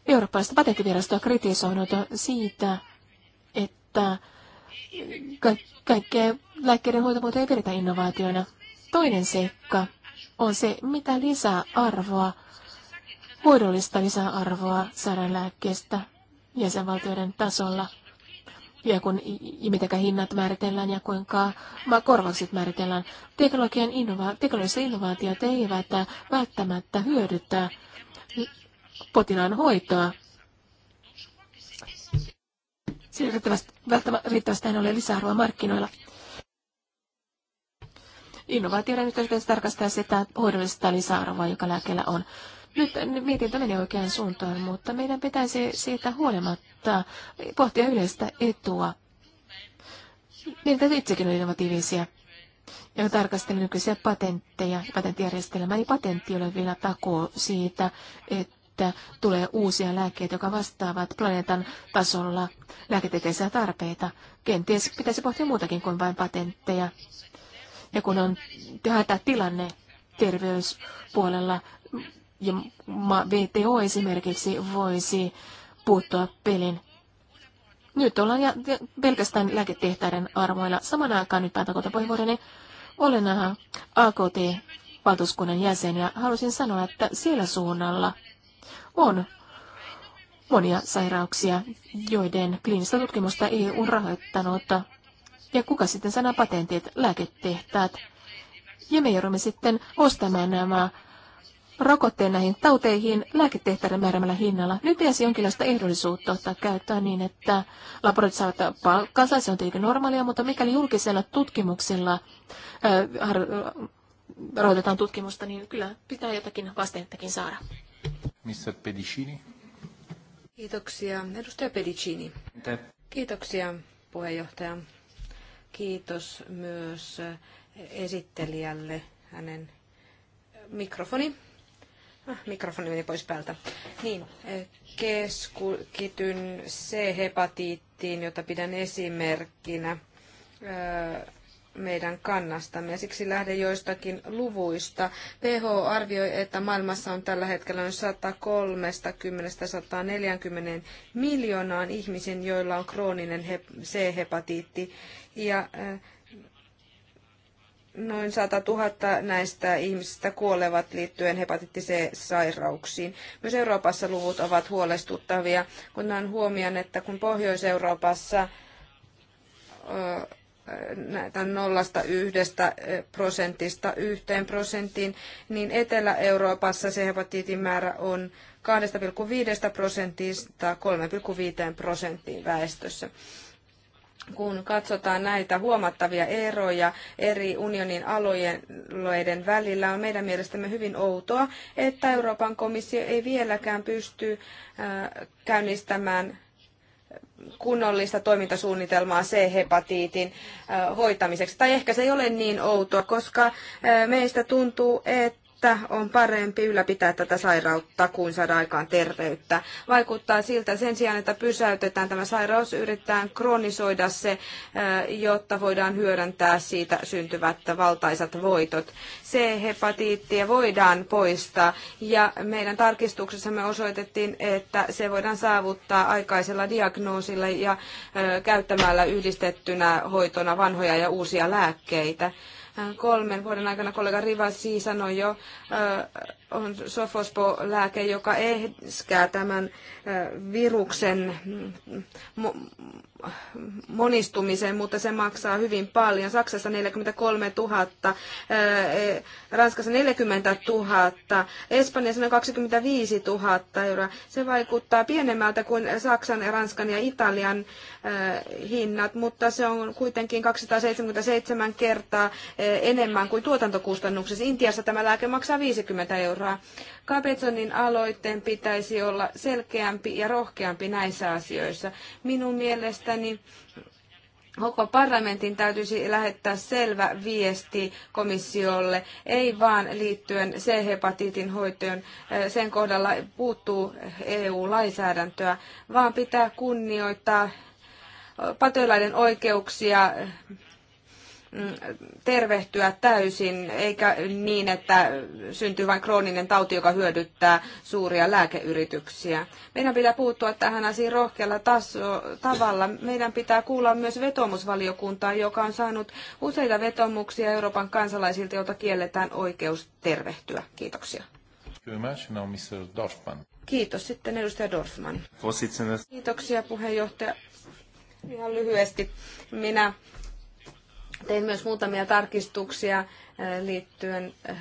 [SPEAKER 3] eurooppalaista patenttivirastoa kritisoinut siitä, että ka- kaikkea lääkkeiden hoitomuoto ei pidetä innovaationa. Toinen seikka on se, mitä lisää arvoa, hoidollista lisää arvoa saadaan lääkkeestä jäsenvaltioiden tasolla. Ja kun mitenkä hinnat määritellään ja kuinka korvaukset määritellään. Teknologian innova- teknologiset innovaatiot eivät välttämättä hyödyttää potilaan hoitoa. Sillä riittävästi, riittävästi ei ole lisäarvoa markkinoilla. Innovaatioiden yhteydessä tarkastaa sitä hoidollista lisäarvoa, joka lääkkeellä on. Nyt mietintö meni oikeaan suuntaan, mutta meidän pitäisi siitä huolimatta pohtia yleistä etua. Niitä itsekin on innovatiivisia. Ja tarkastelen nykyisiä patentteja patenttijärjestelmää, niin patentti ei ole vielä takoo siitä, että että tulee uusia lääkkeitä, jotka vastaavat planeetan tasolla lääketieteellisiä tarpeita. Kenties pitäisi pohtia muutakin kuin vain patentteja. Ja kun on haetaan tilanne terveyspuolella, ja VTO esimerkiksi voisi puuttua pelin nyt ollaan ja pelkästään lääketehtäiden armoilla. Samana aikaan nyt päätän puheenvuoroni. Olen äh, AKT-valtuuskunnan jäsen ja halusin sanoa, että siellä suunnalla on monia sairauksia, joiden kliinistä tutkimusta ei on rahoittanut. Ja kuka sitten sanoo patentit, lääketehtaat? Ja me joudumme sitten ostamaan nämä rokotteen näihin tauteihin lääketehtäiden määrämällä hinnalla. Nyt pitäisi jonkinlaista ehdollisuutta ottaa käyttöön niin, että laborit saavat palkkansa, se on tietenkin normaalia, mutta mikäli julkisella tutkimuksella äh, rahoitetaan tutkimusta, niin kyllä pitää jotakin vastennettakin saada.
[SPEAKER 1] Mr. Pedicini.
[SPEAKER 2] Kiitoksia. Edustaja Pedicini. Kiitoksia puheenjohtaja. Kiitos myös esittelijälle hänen mikrofoni. Ah, mikrofoni meni pois päältä. Niin, keskityn C-hepatiittiin, jota pidän esimerkkinä. Öö, meidän kannastamme. Siksi lähden joistakin luvuista. WHO arvioi, että maailmassa on tällä hetkellä noin 130-140 miljoonaan ihmisen, joilla on krooninen C-hepatiitti. Ja äh, noin 100 000 näistä ihmisistä kuolevat liittyen hepatiitti C-sairauksiin. Myös Euroopassa luvut ovat huolestuttavia, kun on huomioon, että kun Pohjois-Euroopassa näitä nollasta yhdestä eh, prosentista yhteen prosenttiin, niin Etelä-Euroopassa se hepatiitin määrä on 2,5 prosentista 3,5 prosenttiin väestössä kun katsotaan näitä huomattavia eroja eri unionin alueiden välillä, on meidän mielestämme hyvin outoa, että Euroopan komissio ei vieläkään pysty eh, käynnistämään kunnollista toimintasuunnitelmaa C-hepatiitin äh, hoitamiseksi. Tai ehkä se ei ole niin outoa, koska äh, meistä tuntuu, että että on parempi ylläpitää tätä sairautta kuin saada aikaan terveyttä. Vaikuttaa siltä sen sijaan, että pysäytetään tämä sairaus, yritetään kronisoida se, jotta voidaan hyödyntää siitä syntyvät valtaisat voitot. C-hepatiittia voidaan poistaa ja meidän tarkistuksessamme osoitettiin, että se voidaan saavuttaa aikaisella diagnoosilla ja käyttämällä yhdistettynä hoitona vanhoja ja uusia lääkkeitä kolmen vuoden aikana kollega Rivasi sanoi jo, on sofospo-lääke, joka ehkää tämän viruksen monistumiseen, mutta se maksaa hyvin paljon. Saksassa 43 000, eh, Ranskassa 40 000, Espanjassa 25 000 euroa. Se vaikuttaa pienemmältä kuin Saksan, Ranskan ja Italian eh, hinnat, mutta se on kuitenkin 277 kertaa eh, enemmän kuin tuotantokustannuksessa. Intiassa tämä lääke maksaa 50 euroa. Kapetsonin aloitteen pitäisi olla selkeämpi ja rohkeampi näissä asioissa. Minun mielestäni Mielestäni koko parlamentin täytyisi lähettää selvä viesti komissiolle, ei vaan liittyen C-hepatiitin hoitoon, sen kohdalla puuttuu EU-lainsäädäntöä, vaan pitää kunnioittaa patoilaiden oikeuksia tervehtyä täysin, eikä niin, että syntyy vain krooninen tauti, joka hyödyttää suuria lääkeyrityksiä. Meidän pitää puuttua tähän asiaan rohkealla taso- tavalla. Meidän pitää kuulla myös vetomusvaliokuntaa, joka on saanut useita vetomuksia Euroopan kansalaisilta, joilta kielletään oikeus tervehtyä. Kiitoksia. Kiitos. Sitten edustaja Dorfman. Kiitoksia puheenjohtaja. Ihan lyhyesti. Minä Tein myös muutamia tarkistuksia äh, liittyen äh,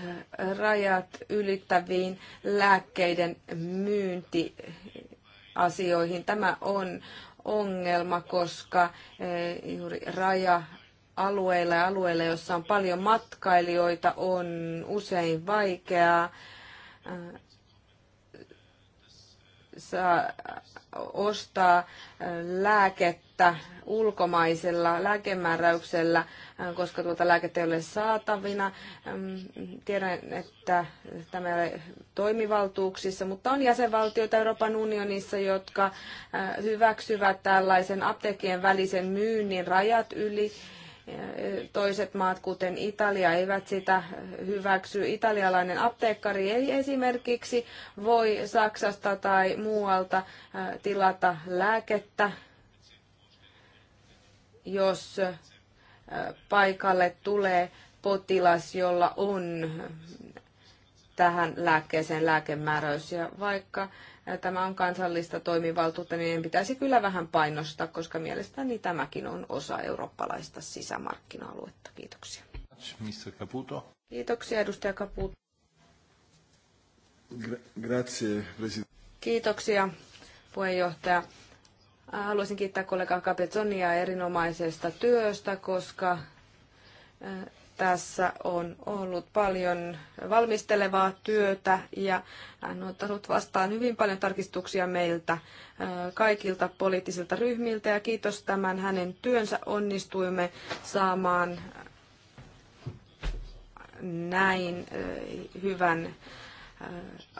[SPEAKER 2] rajat ylittäviin lääkkeiden myyntiasioihin. Tämä on ongelma, koska äh, juuri raja alueilla ja alueilla, joissa on paljon matkailijoita, on usein vaikeaa saa ostaa äh, lääkettä ulkomaisella lääkemääräyksellä, äh, koska tuota lääkettä ei ole saatavina. Ähm, tiedän, että tämä ei ole toimivaltuuksissa, mutta on jäsenvaltioita Euroopan unionissa, jotka äh, hyväksyvät tällaisen apteekien välisen myynnin rajat yli Toiset maat, kuten Italia, eivät sitä hyväksy. Italialainen apteekkari ei esimerkiksi voi Saksasta tai muualta tilata lääkettä, jos paikalle tulee potilas, jolla on tähän lääkkeeseen lääkemääräys. Ja vaikka tämä on kansallista toimivaltuutta, niin pitäisi kyllä vähän painostaa, koska mielestäni tämäkin on osa eurooppalaista sisämarkkina-aluetta. Kiitoksia.
[SPEAKER 1] Mr. Caputo.
[SPEAKER 2] Kiitoksia, edustaja Caputo.
[SPEAKER 1] Grazie, president.
[SPEAKER 2] Kiitoksia, puheenjohtaja. Haluaisin kiittää kollega Capetsonia erinomaisesta työstä, koska tässä on ollut paljon valmistelevaa työtä ja hän on ottanut vastaan hyvin paljon tarkistuksia meiltä kaikilta poliittisilta ryhmiltä ja kiitos tämän hänen työnsä onnistuimme saamaan näin hyvän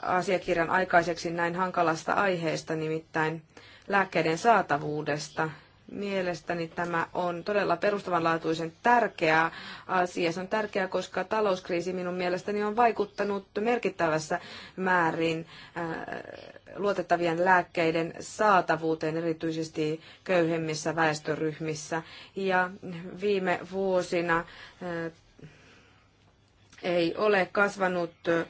[SPEAKER 2] asiakirjan aikaiseksi näin hankalasta aiheesta, nimittäin lääkkeiden saatavuudesta Mielestäni tämä on todella perustavanlaatuisen tärkeä asia. Se on tärkeää, koska talouskriisi minun mielestäni on vaikuttanut merkittävässä määrin äh, luotettavien lääkkeiden saatavuuteen, erityisesti köyhemmissä väestöryhmissä. Ja viime vuosina äh, ei ole kasvanut äh,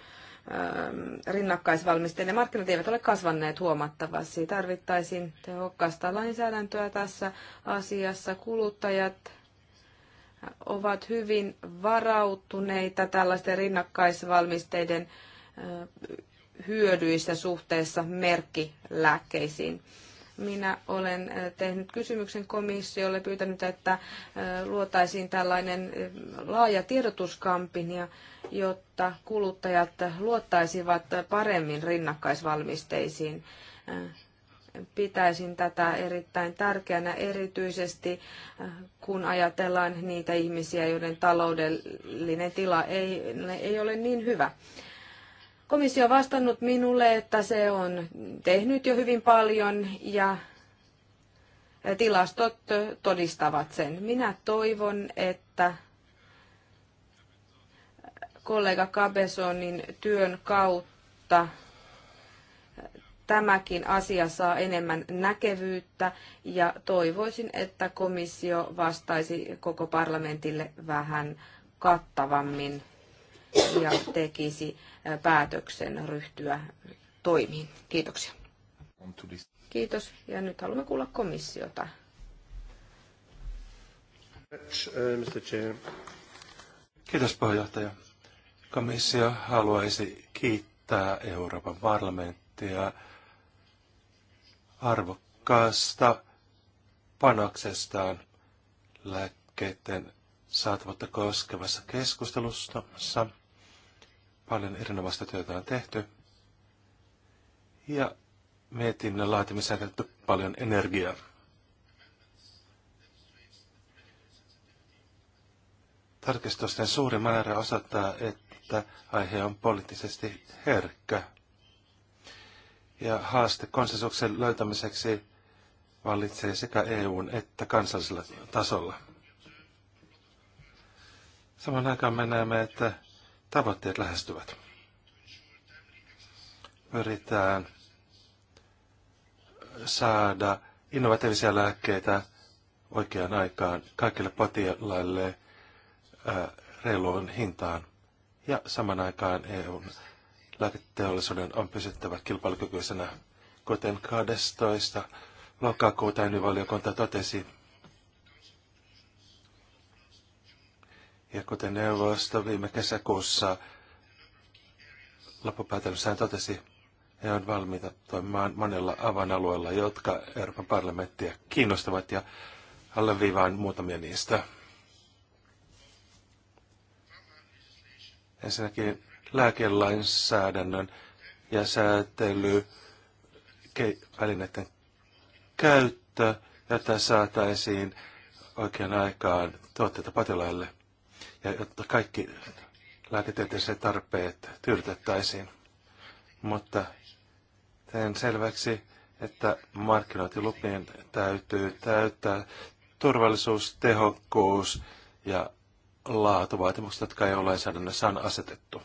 [SPEAKER 2] Ähm, rinnakkaisvalmisteiden markkinat eivät ole kasvaneet huomattavasti. Tarvittaisiin tehokkaasta lainsäädäntöä tässä asiassa. Kuluttajat ovat hyvin varautuneita tällaisten rinnakkaisvalmisteiden äh, hyödyistä suhteessa merkkilääkkeisiin. Minä olen äh, tehnyt kysymyksen komissiolle, pyytänyt, että äh, luotaisiin tällainen laaja tiedotuskampanja jotta kuluttajat luottaisivat paremmin rinnakkaisvalmisteisiin. Pitäisin tätä erittäin tärkeänä erityisesti, kun ajatellaan niitä ihmisiä, joiden taloudellinen tila ei, ei ole niin hyvä. Komissio on vastannut minulle, että se on tehnyt jo hyvin paljon ja tilastot todistavat sen. Minä toivon, että kollega Cabezonin työn kautta tämäkin asia saa enemmän näkevyyttä ja toivoisin, että komissio vastaisi koko parlamentille vähän kattavammin ja tekisi päätöksen ryhtyä toimiin. Kiitoksia. Kiitos. Ja nyt haluamme kuulla komissiota.
[SPEAKER 1] Kiitos puheenjohtaja. Komissio haluaisi kiittää Euroopan parlamenttia arvokkaasta panoksestaan lääkkeiden saatavuutta koskevassa keskustelussa. Paljon erinomaista työtä on tehty. Ja mietinnön laatimiseen on käytetty paljon energiaa. Tarkistusten suuri määrä osoittaa, että että aihe on poliittisesti herkkä. Ja haaste konsensuksen löytämiseksi vallitsee sekä EUn että kansallisella tasolla. Saman aikaan me näemme, että tavoitteet lähestyvät. Yritetään saada innovatiivisia lääkkeitä oikeaan aikaan kaikille potilaille reiluun hintaan ja saman aikaan EUn lääketeollisuuden on pysyttävä kilpailukykyisenä, kuten 12. lokakuuta valiokunta totesi. Ja kuten neuvosto viime kesäkuussa loppupäätelmissään totesi, he on valmiita toimimaan monella avainalueella, jotka Euroopan parlamenttia kiinnostavat ja alleviivaan muutamia niistä. Ensinnäkin lääkelainsäädännön ja säätely välineiden käyttö, jotta saataisiin oikean aikaan tuotteita potilaille ja jotta kaikki lääketieteelliset tarpeet tyydytettäisiin. Mutta teen selväksi, että markkinointilupien täytyy täyttää turvallisuus, tehokkuus ja laatuvaatimukset, jotka ei ole lainsäädännössä on asetettu.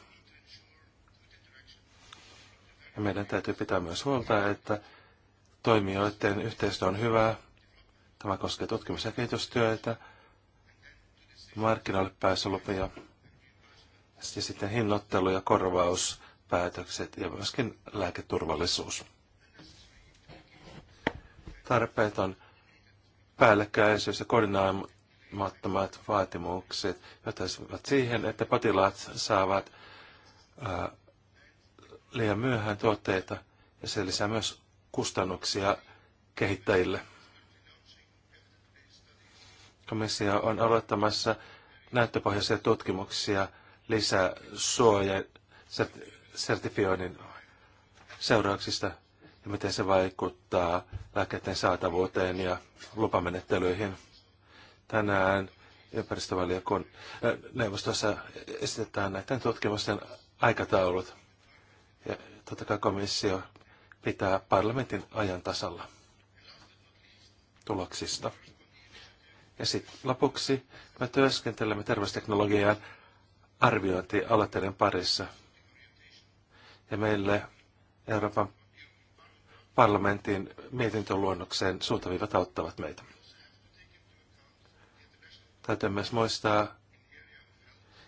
[SPEAKER 1] Ja meidän täytyy pitää myös huolta, että toimijoiden yhteistyö on hyvää. Tämä koskee tutkimus- ja kehitystyötä, markkinoille pääsylupia, ja sitten hinnoittelu- ja korvauspäätökset ja myöskin lääketurvallisuus. Tarpeet on päällekkäisyys ja koordinaatio riittämättömät vaatimukset johtaisivat siihen, että potilaat saavat ää, liian myöhään tuotteita ja se lisää myös kustannuksia kehittäjille. Komissio on aloittamassa näyttöpohjaisia tutkimuksia suoja sertifioinnin seurauksista ja miten se vaikuttaa lääkkeiden saatavuuteen ja lupamenettelyihin tänään ympäristövaliokon äh, neuvostossa esitetään näiden tutkimusten aikataulut. Ja totta kai komissio pitää parlamentin ajan tasalla tuloksista. Ja sitten lopuksi me työskentelemme terveysteknologian arviointialoitteiden parissa. Ja meille Euroopan parlamentin mietintöluonnokseen suuntaviivat auttavat meitä. Täytyy myös muistaa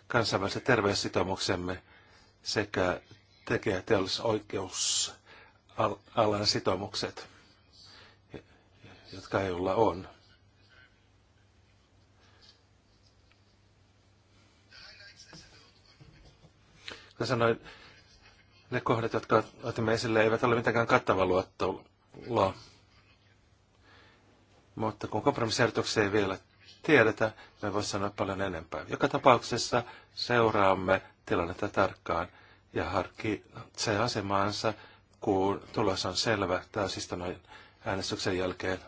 [SPEAKER 1] kansainvälisen terveyssitoumuksemme sekä tekijä- teollisoikeusalan sitoumukset, jotka EUlla on. Kuten sanoin, ne kohdat, jotka otimme esille, eivät ole mitenkään kattava luottoa. Mutta kun kompromissiehdotuksia ei vielä tiedetä, me voi sanoa paljon enempää. Joka tapauksessa seuraamme tilannetta tarkkaan ja harkitsee asemaansa, kun tulos on selvä täysistunnon äänestyksen jälkeen.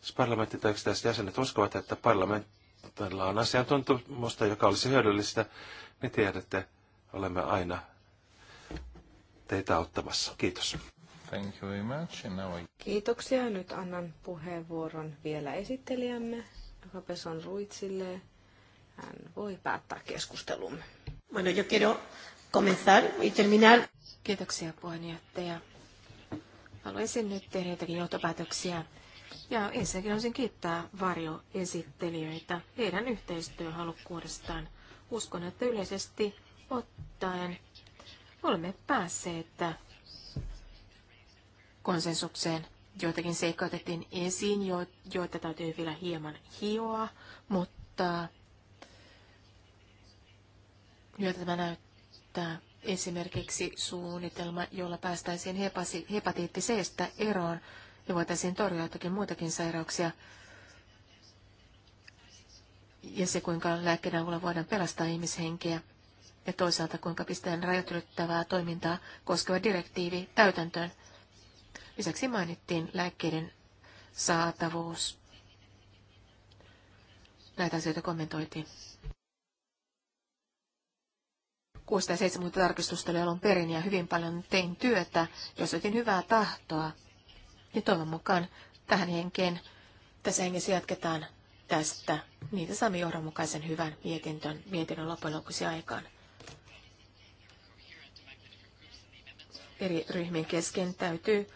[SPEAKER 1] Jos parlamentit tai yksittäiset jäsenet uskovat, että parlamentilla on asiantuntemusta, joka olisi hyödyllistä, niin tiedätte, olemme aina teitä auttamassa. Kiitos.
[SPEAKER 3] Thank you very much. And now I... Kiitoksia.
[SPEAKER 2] Nyt annan puheenvuoron vielä esittelijämme joka Peson Ruitsille.
[SPEAKER 3] Hän voi päättää keskustelumme.
[SPEAKER 2] Bueno, yo quiero
[SPEAKER 3] comenzar y terminar. Kiitoksia puheenjohtaja. Haluaisin nyt tehdä jotakin johtopäätöksiä. Ja ensinnäkin haluaisin kiittää varjoesittelijöitä heidän yhteistyöhalukkuudestaan. Uskon, että yleisesti ottaen olemme päässeet konsensukseen Joitakin seikkoja otettiin esiin, jo, joita täytyy vielä hieman hioa, mutta joita tämä näyttää esimerkiksi suunnitelma, jolla päästäisiin hepatiitti C-stä eroon ja voitaisiin torjua jotakin muitakin sairauksia. Ja se, kuinka lääkkeiden avulla voidaan pelastaa ihmishenkiä. Ja toisaalta, kuinka pisteen rajoittelyttävää toimintaa koskeva direktiivi täytäntöön. Lisäksi mainittiin lääkkeiden saatavuus. Näitä asioita kommentoitiin. 607 tarkistusta oli alun perin ja hyvin paljon tein työtä, jos otin hyvää tahtoa. Ja niin toivon mukaan tähän henkeen, tässä hengessä jatketaan tästä. Niitä saamme johdonmukaisen hyvän mietintön, mietinnön loppujen lopuksi aikaan. Eri ryhmien kesken täytyy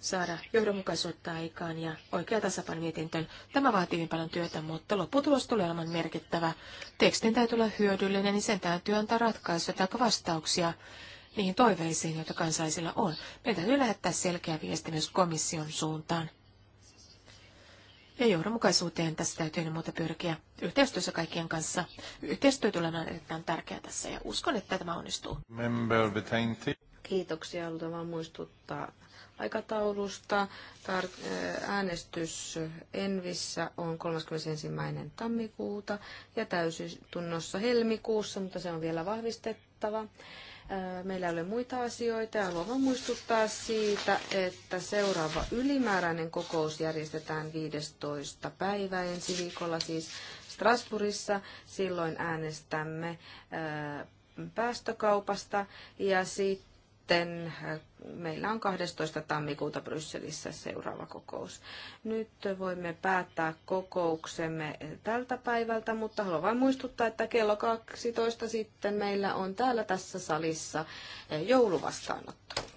[SPEAKER 3] saada johdonmukaisuutta aikaan ja oikea tasapaino mietintöön. Tämä vaatii hyvin paljon työtä, mutta lopputulos tulee olemaan merkittävä. Tekstin täytyy olla hyödyllinen, niin sen täytyy antaa ratkaisuja tai vastauksia niihin toiveisiin, joita kansalaisilla on. Meidän täytyy lähettää selkeä viesti myös komission suuntaan. Ja johdonmukaisuuteen tässä täytyy ennen muuta pyrkiä yhteistyössä kaikkien kanssa. Yhteistyö tulee olemaan erittäin tärkeää tässä ja uskon, että tämä onnistuu. Kiitoksia. Haluan muistuttaa aikataulusta. Tar- äh,
[SPEAKER 2] äänestys Envissä on 31. tammikuuta ja täysistunnossa helmikuussa, mutta se on vielä vahvistettava. Äh, meillä ei ole muita asioita ja haluan muistuttaa siitä, että seuraava ylimääräinen kokous järjestetään 15. päivä ensi viikolla siis Strasbourgissa. Silloin äänestämme äh, päästökaupasta ja sitten sitten äh, meillä on 12. tammikuuta Brysselissä seuraava kokous. Nyt voimme päättää kokouksemme tältä päivältä, mutta haluan vain muistuttaa, että kello 12 sitten meillä on täällä tässä salissa äh, jouluvastaanotto.